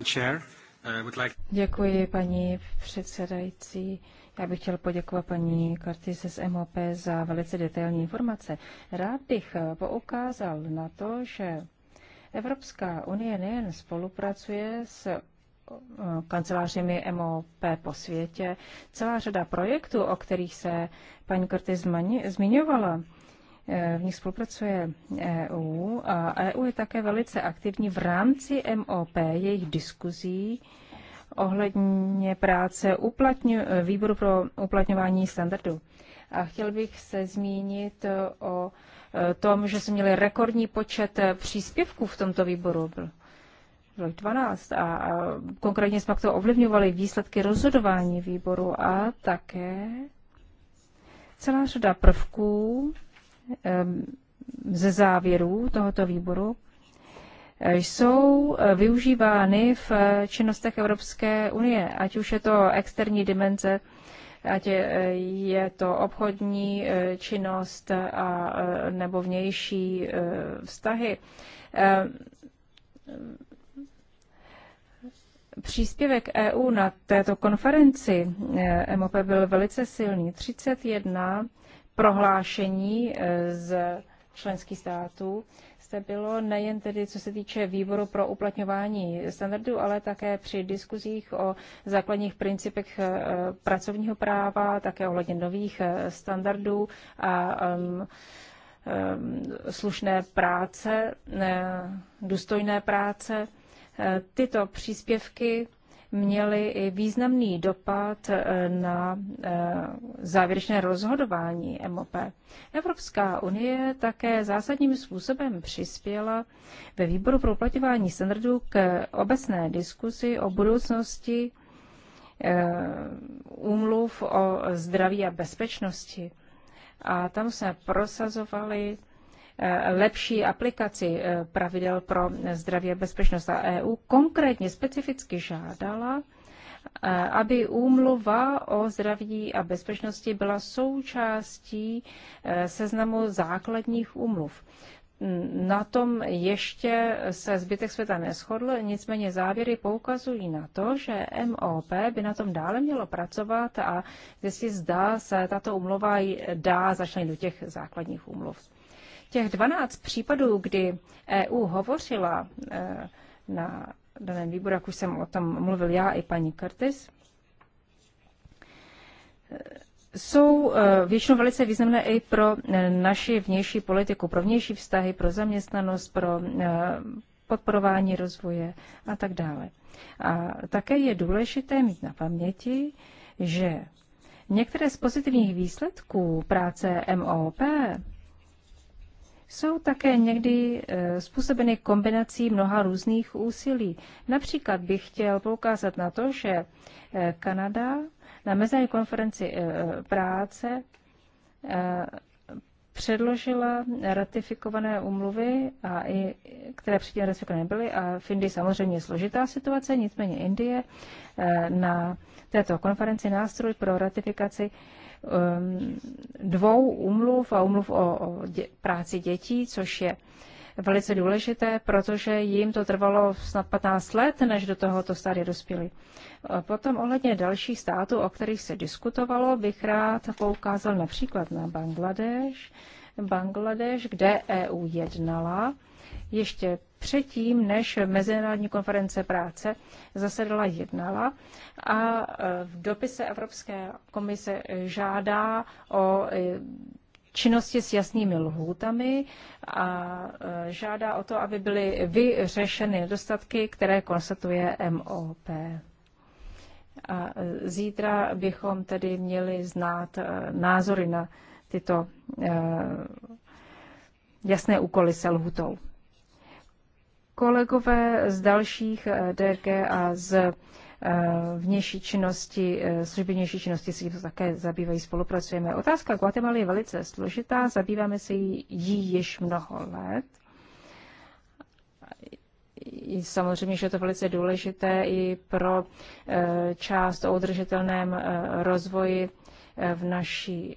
Uh, Děkuji, paní předsedající. Já bych chtěl poděkovat paní Kartise z MOP za velice detailní informace. Rád bych uh, poukázal na to, že Evropská unie nejen spolupracuje s uh, kancelářemi MOP po světě. Celá řada projektů, o kterých se paní Curtis zmiňovala, Eh, v nich spolupracuje EU a EU je také velice aktivní v rámci MOP, jejich diskuzí ohledně práce uplatňu, eh, výboru pro uplatňování standardů. A chtěl bych se zmínit eh, o tom, že jsme měli rekordní počet příspěvků v tomto výboru. Bylo 12 a, a konkrétně jsme to ovlivňovali výsledky rozhodování výboru a také celá řada prvků, Ehm, ze závěrů tohoto výboru eh, jsou eh, využívány v eh, činnostech Evropské unie, ať už je to externí dimenze, ať je, to obchodní činnost a, nebo vnější vztahy. Ehm, příspěvek EU na této konferenci MOP byl velice silný. 31 prohlášení eh, z členských států jste bylo nejen tedy co se týče výboru pro uplatňování standardů, ale také při diskuzích o základních principech eh, pracovního práva, také ohledně nových eh, standardů a um, slušné práce, důstojné práce. Tyto příspěvky měly i významný dopad eh, na eh, závěrečné rozhodování MOP. Evropská unie také zásadním způsobem přispěla ve výboru pro uplatňování standardů k obecné diskusi o budoucnosti eh, úmluv o zdraví a bezpečnosti. A tam jsme prosazovali Eh, lepší aplikaci eh, pravidel pro zdraví a bezpečnost a EU konkrétně specificky žádala, eh, aby úmluva o zdraví a bezpečnosti byla součástí seznamu základních úmluv. Na tom ještě se zbytek světa neschodl, nicméně závěry poukazují na to, že MOP by na tom dále mělo pracovat a jestli zdá se tato umlova dá začlenit do těch základních umluv. Těch 12 případů, kdy EU hovořila e, na daném výboru, jak už jsem o tom mluvil já i paní Curtis, jsou e, většinou velice významné i pro naši vnější politiku, pro vnější vztahy, pro zaměstnanost, pro e, podporování rozvoje a tak dále. A také je důležité mít na paměti, že některé z pozitivních výsledků práce MOP jsou také někdy e, způsobeny kombinací mnoha různých úsilí. Například bych chtěl poukázat na to, že e, Kanada na mezinárodní konferenci e, práce předložila ratifikované umluvy, a i, které předtím ratifikované byly. A v Indii samozřejmě je složitá situace, nicméně Indie na této konferenci nástroj pro ratifikaci Um, dvou umluv a umluv o, o dě, práci dětí, což je velice důležité, protože jim to trvalo snad 15 let, než do tohoto stádia dospěli. Potom ohledně dalších států, o kterých se diskutovalo, bych rád poukázal například na Bangladeš, Bangladeš, kde EU jednala ještě předtím, než Mezinárodní konference práce zasedala jednala a e, v dopise Evropské komise žádá o e, činnosti s jasnými lhůtami a e, žádá o to, aby byly vyřešeny nedostatky, které konstatuje MOP. A zítra bychom tedy měli znát názory na tyto jasné úkoly se lhutou. Kolegové z dalších eh, DG a z eh, vnější činnosti, eh, služby vnější činnosti si také zabývají, spolupracujeme. Otázka Guatemala je velice složitá, zabýváme se jí, již mnoho let. Samozřejmě, že je to velice důležité i pro část o udržitelném rozvoji v naší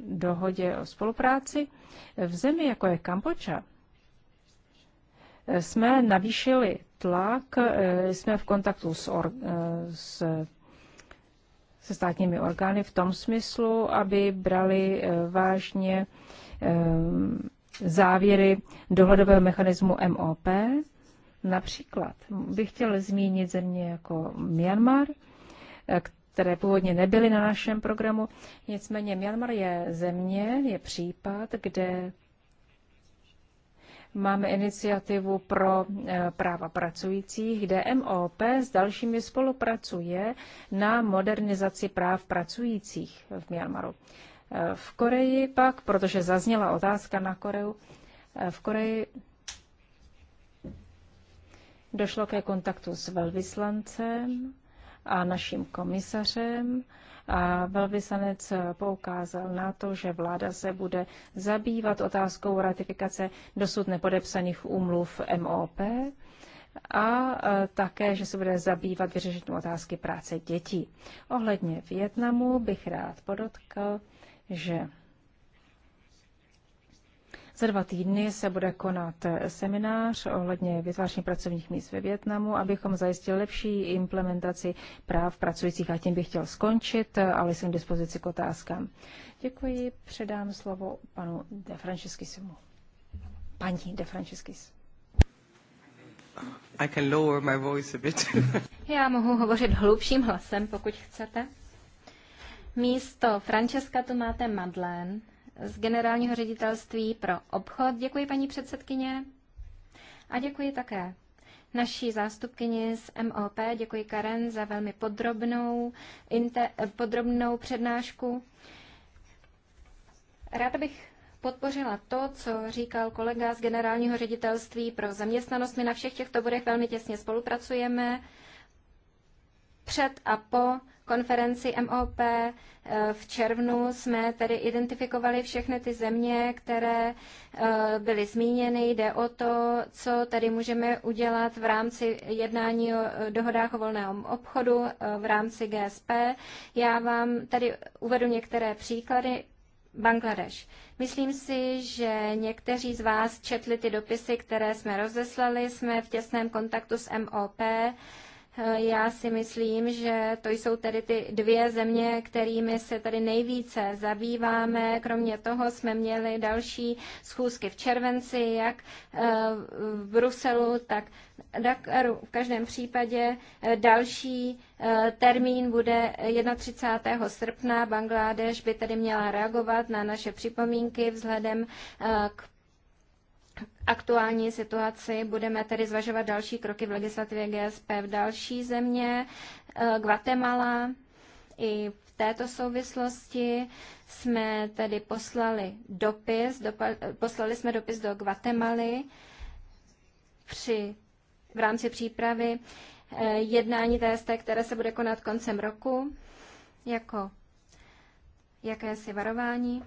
dohodě o spolupráci. V zemi, jako je Kambodža, jsme navýšili tlak, eh, jsme v kontaktu s, or, eh, s se státními orgány v tom smyslu, aby brali eh, vážně závěry dohledového mechanismu MOP. Například bych chtěl zmínit země jako Myanmar, které původně nebyly na našem programu. Nicméně Myanmar je země, je případ, kde Máme iniciativu pro eh, práva pracujících, kde MOP s dalšími spolupracuje na modernizaci práv pracujících v Myanmaru. Eh, v Koreji pak, protože zazněla otázka na Koreu, eh, v Koreji došlo ke kontaktu s velvyslancem a naším komisařem a velvyslanec poukázal na to, že vláda se bude zabývat otázkou ratifikace dosud nepodepsaných úmluv MOP a e, také, že se bude zabývat vyřešením otázky práce dětí. Ohledně Větnamu bych rád podotkl, že za dva týdny se bude konat seminář ohledně vytváření pracovních míst ve Větnamu, abychom zajistili lepší implementaci práv pracujících. A tím bych chtěl skončit, ale jsem k dispozici k otázkám. Děkuji, předám slovo panu De Franciscisimu. Paní De Franciscis. I can lower my voice a bit. Já mohu hovořit hlubším hlasem, pokud chcete. Místo Francesca tu máte Madeleine z Generálního ředitelství pro obchod. Děkuji paní předsedkyně a děkuji také naší zástupkyni z MOP. Děkuji Karen za velmi podrobnou, inter, podrobnou přednášku. Ráda bych podpořila to, co říkal kolega z Generálního ředitelství pro zaměstnanost. My na všech těchto bodech velmi těsně spolupracujeme před a po konferenci MOP eh, v červnu jsme tedy identifikovali všechny ty země, které eh, byly zmíněny. Jde o to, co tady můžeme udělat v rámci jednání o eh, dohodách o volném obchodu v rámci GSP. Já vám tady uvedu některé příklady. Bangladeš. Myslím si, že někteří z vás četli ty dopisy, které jsme rozeslali. Jsme v těsném kontaktu s MOP. Eh, já si myslím, že to jsou tedy ty dvě země, kterými se tady nejvíce zabýváme. Kromě toho jsme měli další schůzky v červenci, jak eh, v Bruselu, tak Dakaru. V každém případě eh, další termín bude 31. srpna. Bangladeš by tedy měla reagovat na naše připomínky vzhledem k aktuální situaci budeme tedy zvažovat další kroky v legislativě GSP v další země, eh, Guatemala. I v této souvislosti jsme tedy poslali dopis, dopa, eh, poslali jsme dopis do Guatemaly při, v rámci přípravy eh, jednání TST, které se bude konat koncem roku, jako jakési varování.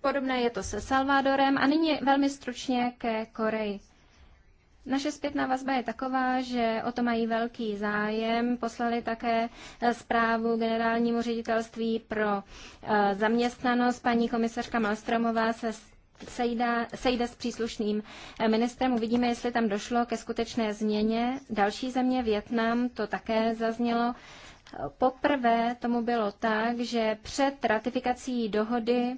Podobné je to se Salvadorem a nyní velmi stručně ke Koreji. Naše zpětná vazba je taková, že o to mají velký zájem. Poslali také eh, zprávu generálnímu ředitelství pro eh, zaměstnanost. Paní komisařka Malstromová se sejda, sejde s příslušným eh, ministrem. Uvidíme, jestli tam došlo ke skutečné změně. Další země, Větnam, to také zaznělo. Poprvé tomu bylo tak, že před ratifikací dohody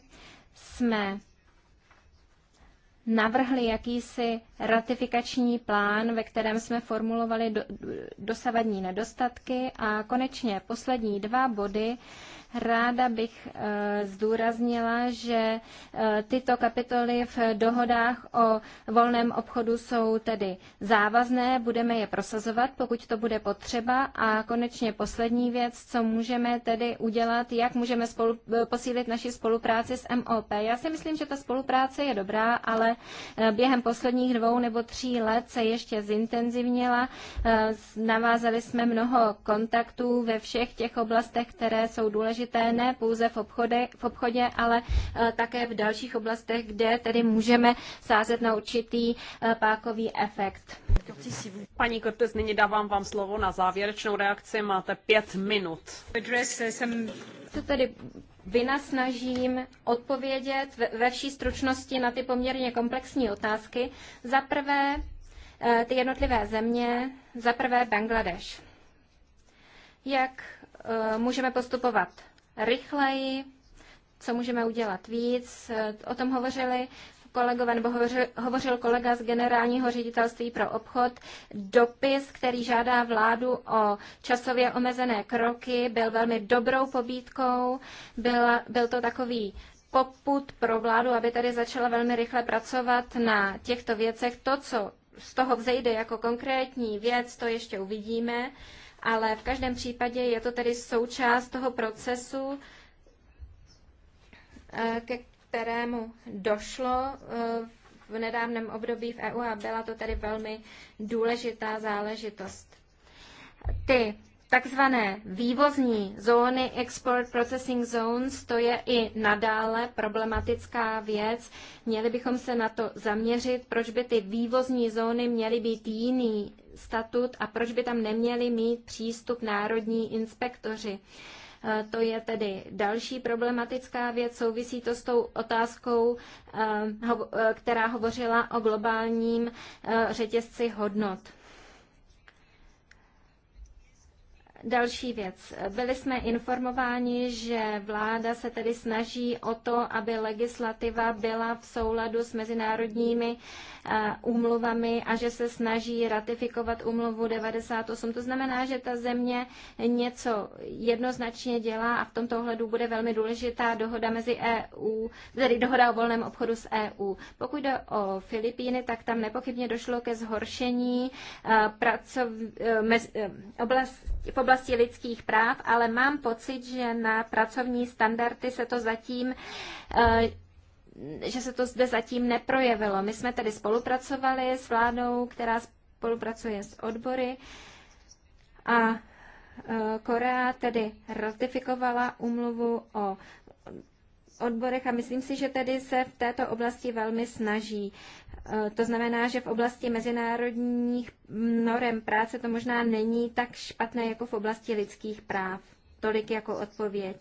jsme navrhli jakýsi ratifikační plán, ve kterém jsme formulovali do, dosavadní nedostatky a konečně poslední dva body Ráda bych eh, zdůraznila, že eh, tyto kapitoly v dohodách o volném obchodu jsou tedy závazné, budeme je prosazovat, pokud to bude potřeba. A konečně poslední věc, co můžeme tedy udělat, jak můžeme spolu, eh, posílit naši spolupráci s MOP. Já si myslím, že ta spolupráce je dobrá, ale během posledních dvou nebo tří let se ještě zintenzivnila. Navázali jsme mnoho kontaktů ve všech těch oblastech, které jsou důležité důležité ne pouze v, obchode, v obchodě, ale eh, také v dalších oblastech, kde tedy můžeme sázet na určitý eh, pákový efekt. Paní Kortes, nyní dávám vám slovo na závěrečnou reakci. Máte pět minut. Co tedy vynasnažím odpovědět ve vší stručnosti na ty poměrně komplexní otázky. Za prvé eh, ty jednotlivé země, za prvé Bangladeš. Jak můžeme postupovat rychleji, co můžeme udělat víc. O tom hovořili kolegové, nebo hovořil, hovořil kolega z generálního ředitelství pro obchod. Dopis, který žádá vládu o časově omezené kroky, byl velmi dobrou pobídkou. Byl, byl to takový poput pro vládu, aby tady začala velmi rychle pracovat na těchto věcech. To, co z toho vzejde jako konkrétní věc, to ještě uvidíme ale v každém případě je to tedy součást toho procesu, eh, ke kterému došlo eh, v nedávném období v EU a byla to tedy velmi důležitá záležitost. Ty takzvané vývozní zóny, export processing zones, to je i nadále problematická věc. Měli bychom se na to zaměřit, proč by ty vývozní zóny měly být jiný, statut a proč by tam neměli mít přístup národní inspektoři. Eh, to je tedy další problematická věc. Souvisí to s tou otázkou, eh, eh, která hovořila o globálním řetězci hodnot. Další věc. Byli jsme informováni, že vláda se tedy snaží o to, aby legislativa byla v souladu s mezinárodními eh, úmluvami a že se snaží ratifikovat úmluvu 98. To znamená, že ta země něco jednoznačně dělá a v tomto ohledu bude velmi důležitá dohoda mezi EU, tedy dohoda o volném obchodu s EU. Pokud jde o Filipíny, tak tam nepochybně došlo ke zhoršení eh, pracov, eh, mez, oblast v oblasti lidských práv, ale mám pocit, že na pracovní standardy se to zatím eh, že se to zde zatím neprojevilo. My jsme tedy spolupracovali s vládou, která spolupracuje s odbory a eh, Korea tedy ratifikovala umluvu o odborech a myslím si, že tedy se v této oblasti velmi snaží. E, to znamená, že v oblasti mezinárodních norem práce to možná není tak špatné jako v oblasti lidských práv. Tolik jako odpověď.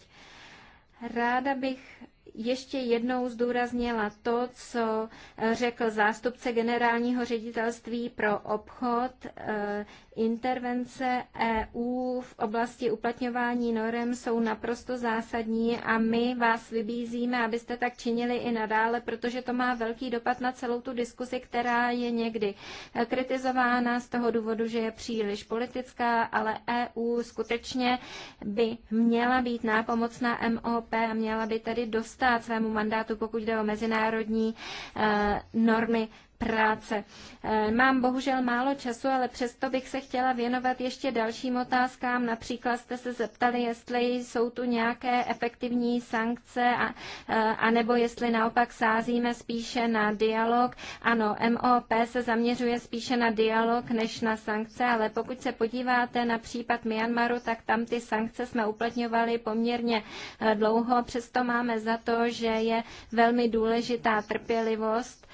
Ráda bych ještě jednou zdůraznila to, co eh, řekl zástupce generálního ředitelství pro obchod, eh, intervence EU v oblasti uplatňování norem jsou naprosto zásadní a my vás vybízíme, abyste tak činili i nadále, protože to má velký dopad na celou tu diskusi, která je někdy eh, kritizována z toho důvodu, že je příliš politická, ale EU skutečně by měla být nápomocná MOP a měla by tady dostat stát svému mandátu, pokud jde o mezinárodní eh, normy práce. Eh, mám bohužel málo času, ale přesto bych se chtěla věnovat ještě dalším otázkám. Například jste se zeptali, jestli jsou tu nějaké efektivní sankce, a, eh, a nebo jestli naopak sázíme spíše na dialog. Ano, MOP se zaměřuje spíše na dialog než na sankce, ale pokud se podíváte na případ Myanmaru, tak tam ty sankce jsme uplatňovali poměrně eh, dlouho, přesto máme za to, že je velmi důležitá trpělivost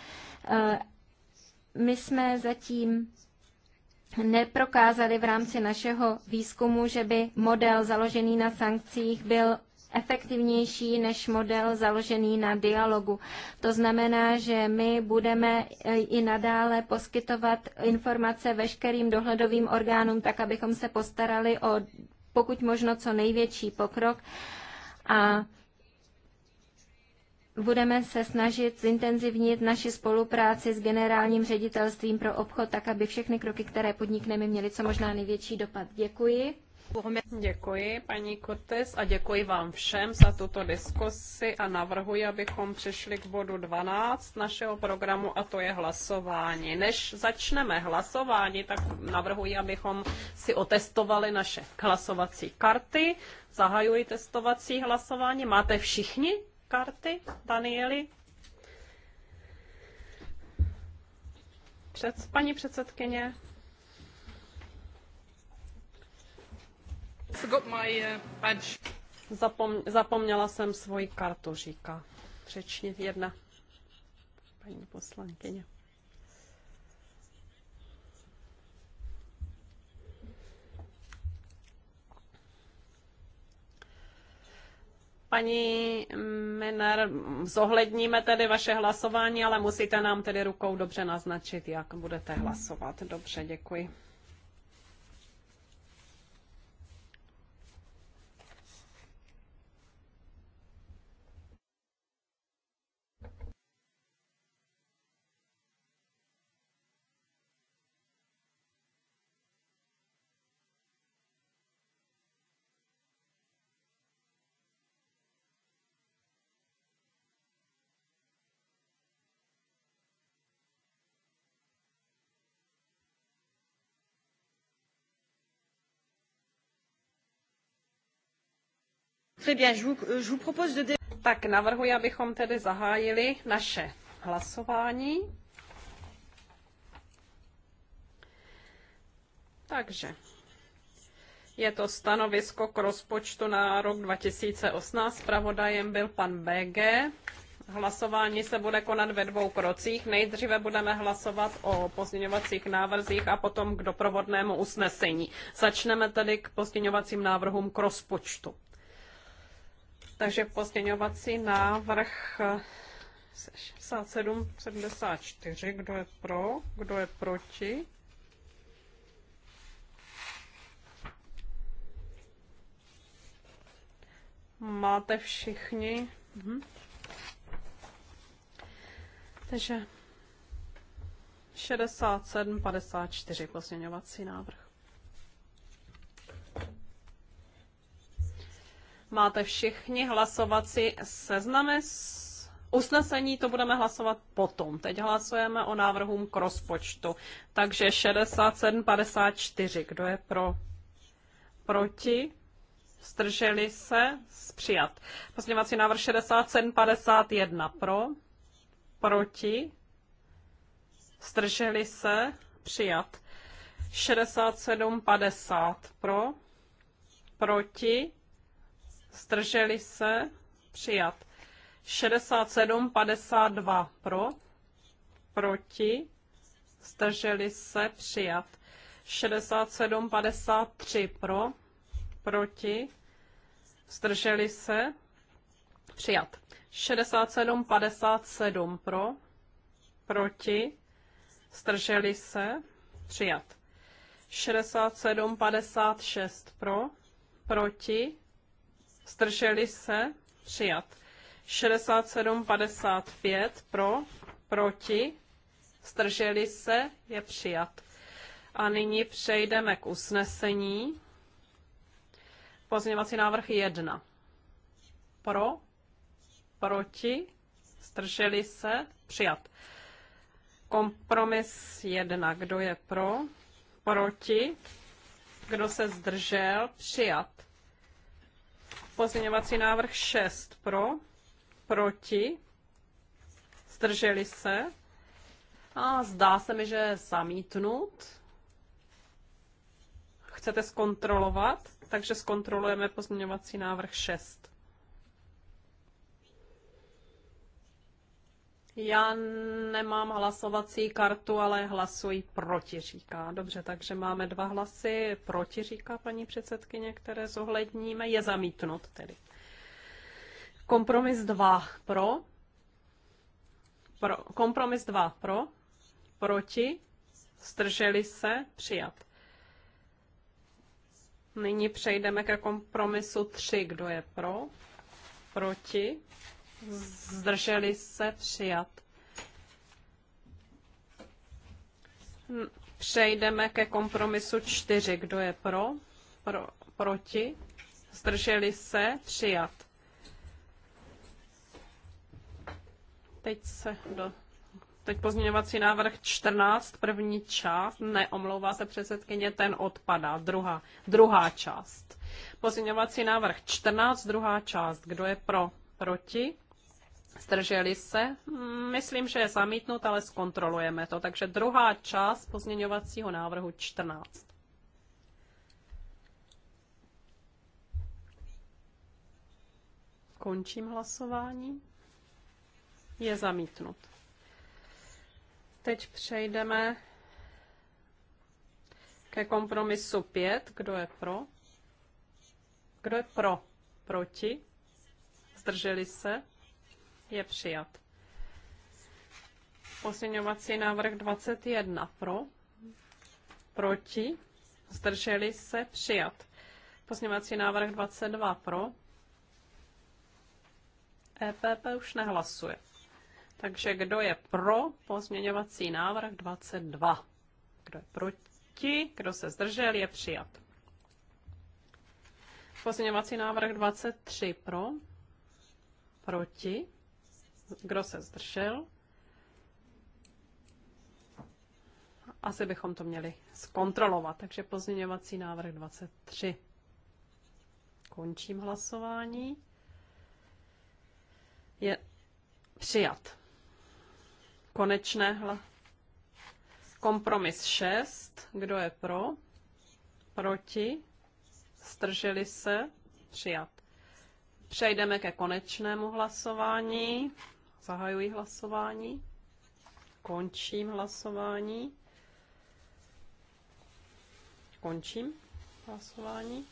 my jsme zatím neprokázali v rámci našeho výzkumu, že by model založený na sankcích byl efektivnější než model založený na dialogu. To znamená, že my budeme eh, i nadále poskytovat informace veškerým dohledovým orgánům, tak abychom se postarali o pokud možno co největší pokrok. A budeme se snažit zintenzivnit naši spolupráci s generálním ředitelstvím pro obchod, tak aby všechny kroky, které podnikneme, měly co možná největší dopad. Děkuji. Děkuji, paní Cortes, a děkuji vám všem za tuto diskusi a navrhuji, abychom přešli k bodu 12 našeho programu a to je hlasování. Než začneme hlasování, tak navrhuji, abychom si otestovali naše hlasovací karty. Zahajuji testovací hlasování. Máte všichni karty, Danieli. Před, paní předsedkyně. Uh, Zapom, zapomněla jsem svoji kartu, říká řečně jedna paní poslankyně. Paní Menar, zohledníme tedy vaše hlasování, ale musíte nám tedy rukou dobře naznačit, jak budete hlasovat. Dobře, děkuji. Euh, tak navrhuji, abychom tedy zahájili naše hlasování. Takže je to stanovisko k rozpočtu na rok 2018. Spravodajem byl pan BG. Hlasování se bude konat ve dvou krocích. Nejdříve budeme hlasovat o pozměňovacích návrzích a potom k doprovodnému usnesení. Začneme tedy k pozměňovacím návrhům k rozpočtu. Takže pozměňovací návrh 67, 74, kdo je pro, kdo je proti. Máte všichni. Mhm. Takže 67, 54 pozměňovací návrh. Máte všichni hlasovací seznamy s Usnesení to budeme hlasovat potom. Teď hlasujeme o návrhům k rozpočtu. Takže 67,54. Kdo je pro? Proti? Zdrželi se? Přijat. Pozměňovací návrh 67,51. Pro? Proti? Zdrželi se? Přijat. 67,50. Pro? Proti? Zdrželi se? Přijat. 67, 52 pro. Proti? Zdrželi se? Přijat. 67, 53 pro. Proti? Zdrželi se? Přijat. 67, 57 pro. Proti? Zdrželi se? Přijat. 67, 56 pro. Proti? Zdrželi se? Přijat. 67,55 pro, proti, zdrželi se, je přijat. A nyní přejdeme k usnesení. Pozměňovací návrh 1. Pro, proti, zdrželi se, přijat. Kompromis 1. Kdo je pro, proti, kdo se zdržel, přijat. Pozměňovací návrh 6 pro, proti, zdrželi se a zdá se mi, že je zamítnut. Chcete zkontrolovat? Takže zkontrolujeme pozměňovací návrh 6. Já nemám hlasovací kartu, ale hlasuji proti, říká. Dobře, takže máme dva hlasy proti, říká paní předsedkyně, které zohledníme. Je zamítnut tedy. Kompromis 2 pro. pro. Kompromis 2 pro. Proti. Strželi se. Přijat. Nyní přejdeme ke kompromisu 3. Kdo je pro? Proti zdrželi se přijat. Přejdeme ke kompromisu 4. Kdo je pro? pro proti? Zdrželi se přijat. Teď se do... Teď pozměňovací návrh 14, první část, neomlouvá se předsedkyně, ten odpadá. Druhá, druhá část. Pozměňovací návrh 14, druhá část. Kdo je pro? Proti? Zdrželi se? Mm, myslím, že je zamítnut, ale zkontrolujeme to. Takže druhá část pozměňovacího návrhu 14. Končím hlasování. Je zamítnut. Teď přejdeme ke kompromisu 5. Kdo je pro? Kdo je pro? Proti? Zdrželi se? je přijat. Pozměňovací návrh 21 pro, proti, zdrželi se, přijat. Pozměňovací návrh 22 pro, EPP už nehlasuje. Takže kdo je pro pozměňovací návrh 22? Kdo je proti? Kdo se zdržel? Je přijat. Pozměňovací návrh 23 pro, proti, kdo se zdržel? Asi bychom to měli zkontrolovat. Takže pozměňovací návrh 23. Končím hlasování. Je přijat. Konečné hla. Kompromis 6. Kdo je pro? Proti? Strželi se? Přijat. Přejdeme ke konečnému hlasování. Zahajuji hlasování. Končím hlasování. Končím hlasování.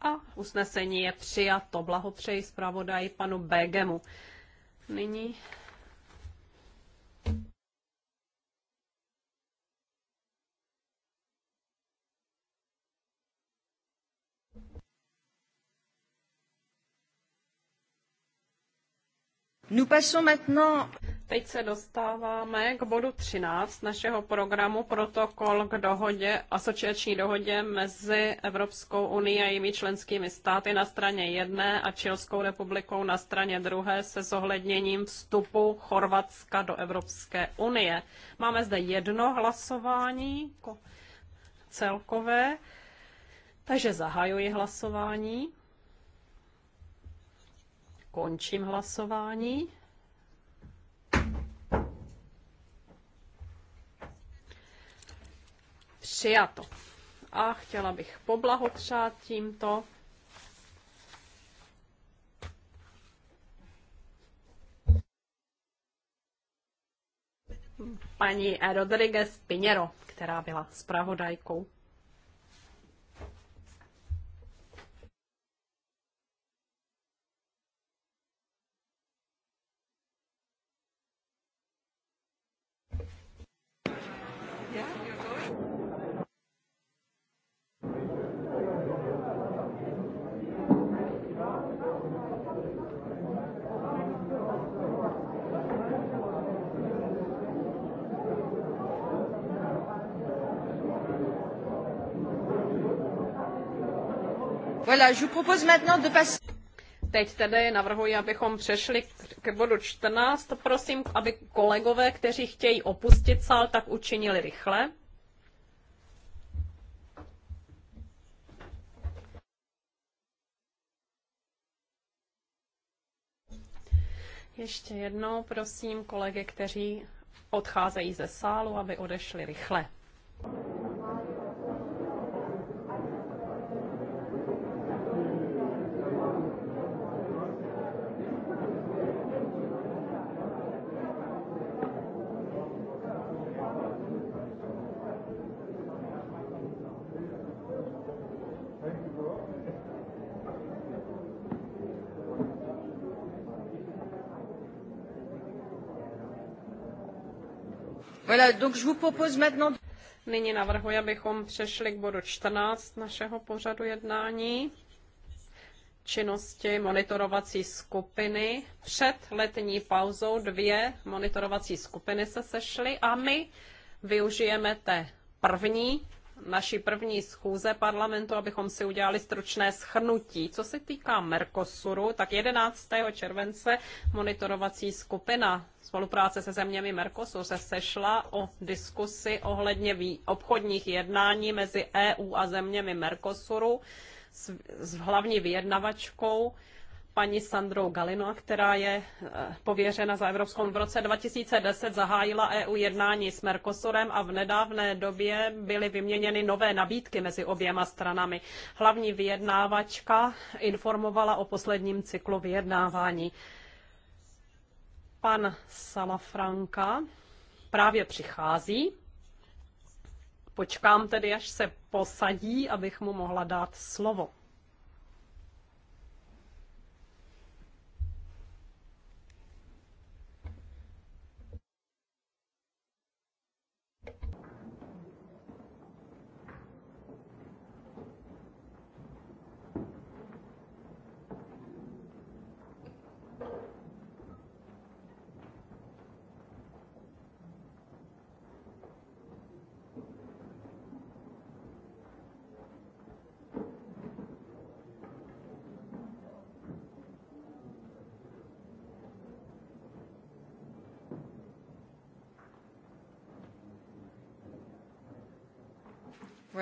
A usnesení je přijato. Blahopřeji zpravodaji panu Begemu. Nyní Teď se dostáváme k bodu 13 našeho programu Protokol k dohodě, asociační dohodě mezi Evropskou unii a jejími členskými státy na straně jedné a Čilskou republikou na straně druhé se zohledněním vstupu Chorvatska do Evropské unie. Máme zde jedno hlasování celkové, takže zahajuji hlasování. Končím hlasování. Přijato. A chtěla bych poblahopřát tímto paní Rodriguez Piněro, která byla zpravodajkou. Voilà, je vous propose maintenant de passer... Teď tedy navrhuji, abychom přešli k bodu 14. Prosím, aby kolegové, kteří chtějí opustit sál, tak učinili rychle. Ještě jednou prosím kolegy, kteří odcházejí ze sálu, aby odešli rychle. Voilà, donc je vous propose maintenant... Nyní navrhuji, abychom přešli k bodu 14 našeho pořadu jednání činnosti monitorovací skupiny. Před letní pauzou dvě monitorovací skupiny se sešly a my využijeme té první naší první schůze parlamentu, abychom si udělali stručné schrnutí. Co se týká Mercosuru, tak 11. července monitorovací skupina spolupráce se zeměmi Mercosur se sešla o diskusi ohledně obchodních jednání mezi EU a zeměmi Mercosuru s, s hlavní vyjednavačkou paní Sandrou Galino, která je eh, pověřena za Evropskou. V roce 2010 zahájila EU jednání s Mercosurem a v nedávné době byly vyměněny nové nabídky mezi oběma stranami. Hlavní vyjednávačka informovala o posledním cyklu vyjednávání. Pan Salafranka právě přichází. Počkám tedy, až se posadí, abych mu mohla dát slovo.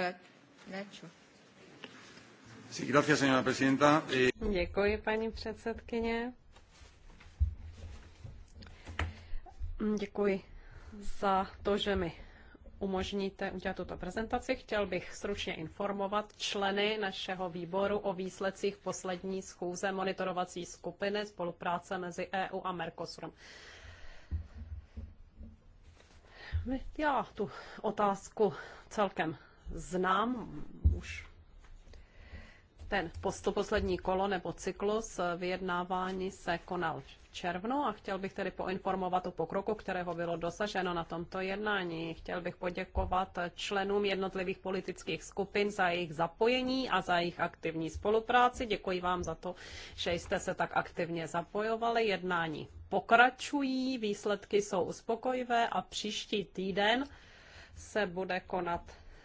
Eh, Děkuji, paní předsedkyně. Děkuji za to, že mi umožníte udělat tuto prezentaci. Chtěl bych stručně informovat členy našeho výboru o výsledcích poslední schůze monitorovací skupiny spolupráce mezi EU a Mercosurem. Já tu otázku celkem znám už ten postup poslední kolo nebo cyklus vyjednávání se konal v červnu a chtěl bych tedy poinformovat o pokroku, kterého bylo dosaženo na tomto jednání. Chtěl bych poděkovat členům jednotlivých politických skupin za jejich zapojení a za jejich aktivní spolupráci. Děkuji vám za to, že jste se tak aktivně zapojovali. Jednání pokračují, výsledky jsou uspokojivé a příští týden se bude konat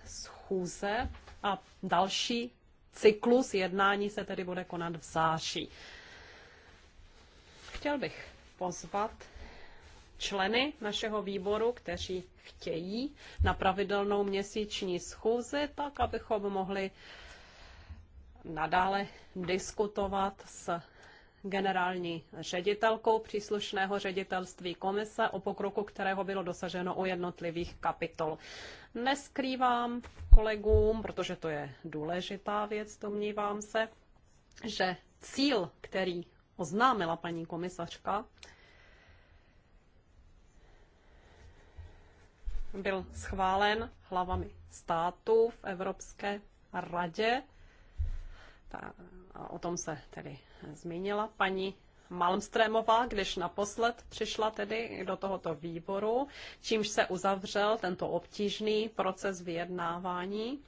schůze a další cyklus jednání se tedy bude konat v září. Chtěl bych pozvat členy našeho výboru, kteří chtějí na pravidelnou měsíční schůzi, tak abychom mohli nadále diskutovat s generální ředitelkou příslušného ředitelství komise o pokroku, kterého bylo dosaženo u jednotlivých kapitol. Neskrývám kolegům, protože to je důležitá věc, domnívám se, že cíl, který oznámila paní komisařka, byl schválen hlavami států v Evropské radě ta, a o tom se tedy zmínila paní Malmstrémová, když naposled přišla tedy do tohoto výboru, čímž se uzavřel tento obtížný proces vyjednávání,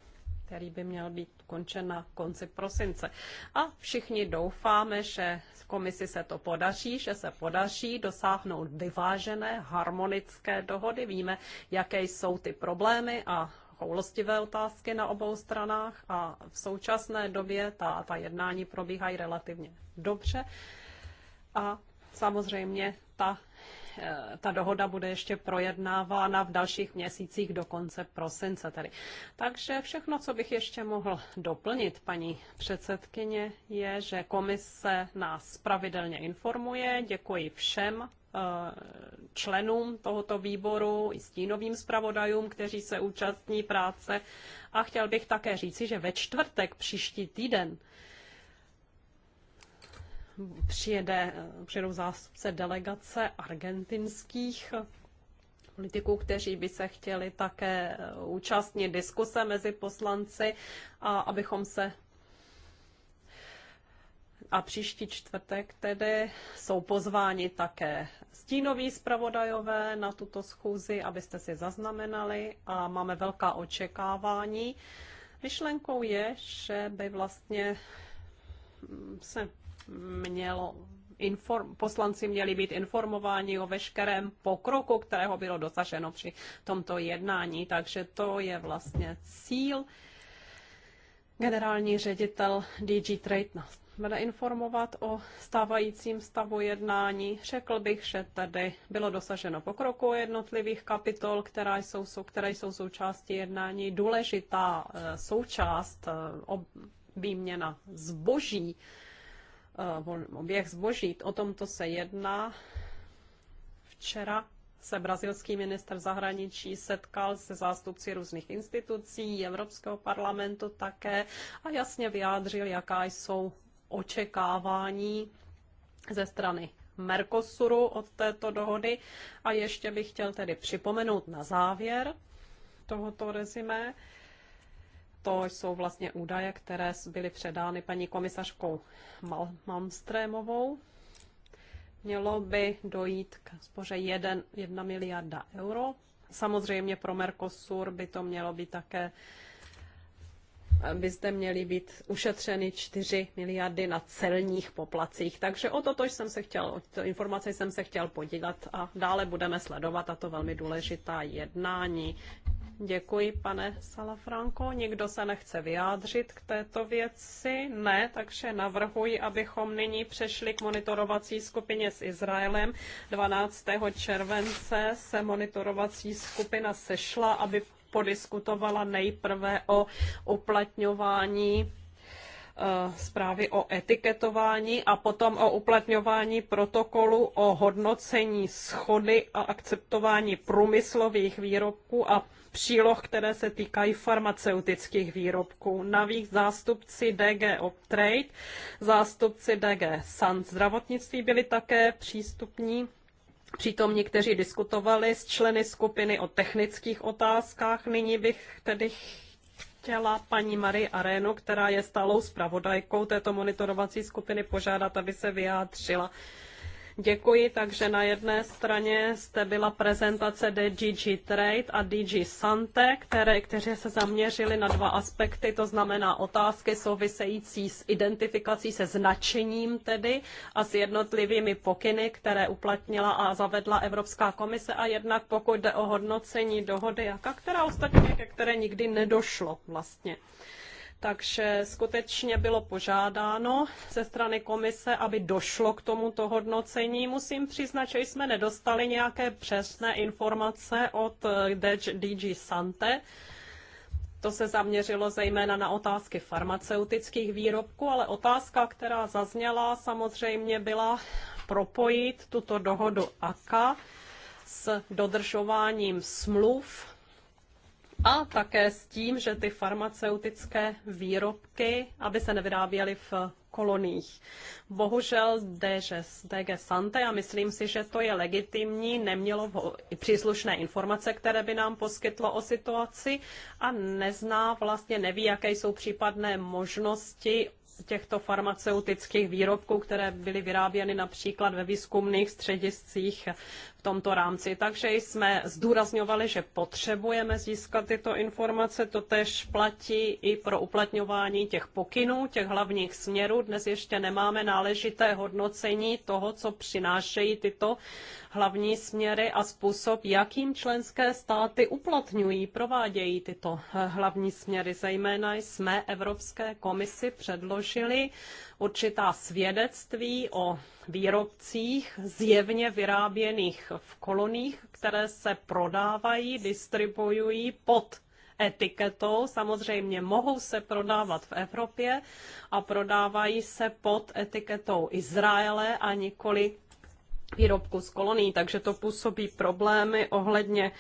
který by měl být končen na konci prosince. A všichni doufáme, že komisi se to podaří, že se podaří dosáhnout vyvážené, harmonické dohody. Víme, jaké jsou ty problémy a choulostivé otázky na obou stranách a v současné době ta, ta jednání probíhají relativně dobře. A samozřejmě ta, eh, ta dohoda bude ještě projednávána v dalších měsících do konce prosince. Tedy. Takže všechno, co bych ještě mohl doplnit, paní předsedkyně, je, že komise nás pravidelně informuje. Děkuji všem Eh, členům tohoto výboru i stínovým zpravodajům, kteří se účastní práce. A chtěl bych také říci, že ve čtvrtek příští týden přijede, eh, přijedou zástupce delegace argentinských politiků, kteří by se chtěli také eh, účastnit diskuse mezi poslanci a abychom se a příští čtvrtek tedy jsou pozváni také stínoví zpravodajové na tuto schůzi, abyste si zaznamenali a máme velká očekávání. Myšlenkou je, že by vlastně se mělo inform, poslanci měli být informováni o veškerém pokroku, kterého bylo dosaženo při tomto jednání. Takže to je vlastně cíl. Generální ředitel DG Trade nás bude informovat o stávajícím stavu jednání. Řekl bych, že tady bylo dosaženo pokroku jednotlivých kapitol, které jsou, jsou, které jsou součástí jednání. Důležitá eh, součást eh, výměna zboží, eh, oběh zboží, o tomto se jedná. Včera se brazilský minister zahraničí setkal se zástupci různých institucí, Evropského parlamentu také a jasně vyjádřil, jaká jsou očekávání ze strany Mercosuru od této dohody. A ještě bych chtěl tedy připomenout na závěr tohoto rezime, to jsou vlastně údaje, které byly předány paní komisařkou Mal- Malmstrémovou. Mělo by dojít k spoře 1 miliarda euro. Samozřejmě pro Mercosur by to mělo být také by zde měly být ušetřeny 4 miliardy na celních poplacích. Takže o toto jsem se chtěl, o to informace jsem se chtěl podělat a dále budeme sledovat tato velmi důležitá jednání. Děkuji, pane Salafranko. Nikdo se nechce vyjádřit k této věci? Ne, takže navrhuji, abychom nyní přešli k monitorovací skupině s Izraelem. 12. července se monitorovací skupina sešla, aby podiskutovala nejprve o uplatňování eh, zprávy o etiketování a potom o uplatňování protokolu o hodnocení schody a akceptování průmyslových výrobků a příloh, které se týkají farmaceutických výrobků. Navíc zástupci DG Optrade, zástupci DG San zdravotnictví byli také přístupní Přitom někteří diskutovali s členy skupiny o technických otázkách. Nyní bych tedy chtěla paní Marie Arénu, která je stálou zpravodajkou této monitorovací skupiny, požádat, aby se vyjádřila Děkuji, takže na jedné straně jste byla prezentace DG Trade a DG Sante, které, kteří se zaměřili na dva aspekty, to znamená otázky související s identifikací se značením tedy a s jednotlivými pokyny, které uplatnila a zavedla Evropská komise a jednak pokud jde o hodnocení dohody, jaká která ostatně, ke které nikdy nedošlo vlastně. Takže skutečně bylo požádáno ze strany komise, aby došlo k tomuto hodnocení. Musím přiznat, že jsme nedostali nějaké přesné informace od eh, DG Sante. To se zaměřilo zejména na otázky farmaceutických výrobků, ale otázka, která zazněla, samozřejmě byla propojit tuto dohodu ACA s dodržováním smluv a také s tím, že ty farmaceutické výrobky, aby se nevyráběly v koloních. Bohužel DG Sante, a myslím si, že to je legitimní, nemělo příslušné informace, které by nám poskytlo o situaci a nezná, vlastně neví, jaké jsou případné možnosti těchto farmaceutických výrobků, které byly vyráběny například ve výzkumných střediscích tomto rámci. Takže jsme zdůrazňovali, že potřebujeme získat tyto informace. To tež platí i pro uplatňování těch pokynů, těch hlavních směrů. Dnes ještě nemáme náležité hodnocení toho, co přinášejí tyto hlavní směry a způsob, jakým členské státy uplatňují, provádějí tyto eh, hlavní směry. Zejména jsme Evropské komisi předložili určitá svědectví o výrobcích zjevně vyráběných v koloních, které se prodávají, distribuují pod etiketou. Samozřejmě mohou se prodávat v Evropě a prodávají se pod etiketou Izraele a nikoli výrobku z kolonií, takže to působí problémy ohledně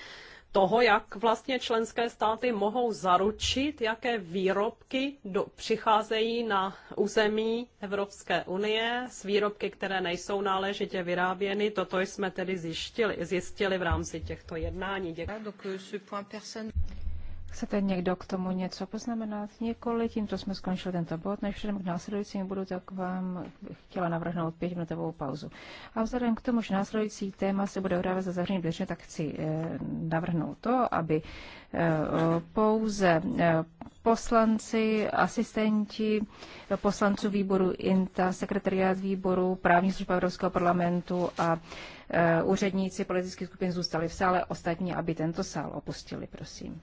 toho, jak vlastně členské státy mohou zaručit, jaké výrobky do, přicházejí na území Evropské unie s výrobky, které nejsou náležitě vyráběny. Toto jsme tedy zjistili, zjistili v rámci těchto jednání. Děkuji. Chcete někdo k tomu něco poznamenat? Nikoli, tímto jsme skončili tento bod. Než přejdeme k následujícím budu, tak vám chtěla navrhnout pětiminutovou pauzu. A vzhledem k tomu, že následující téma se bude odehrávat za zahraniční dveře, tak chci eh, navrhnout to, aby eh, pouze eh, poslanci, asistenti poslanců výboru INTA, sekretariát výboru, právní služba Evropského parlamentu a úředníci politických skupin zůstali v sále, ostatní, aby tento sál opustili, prosím.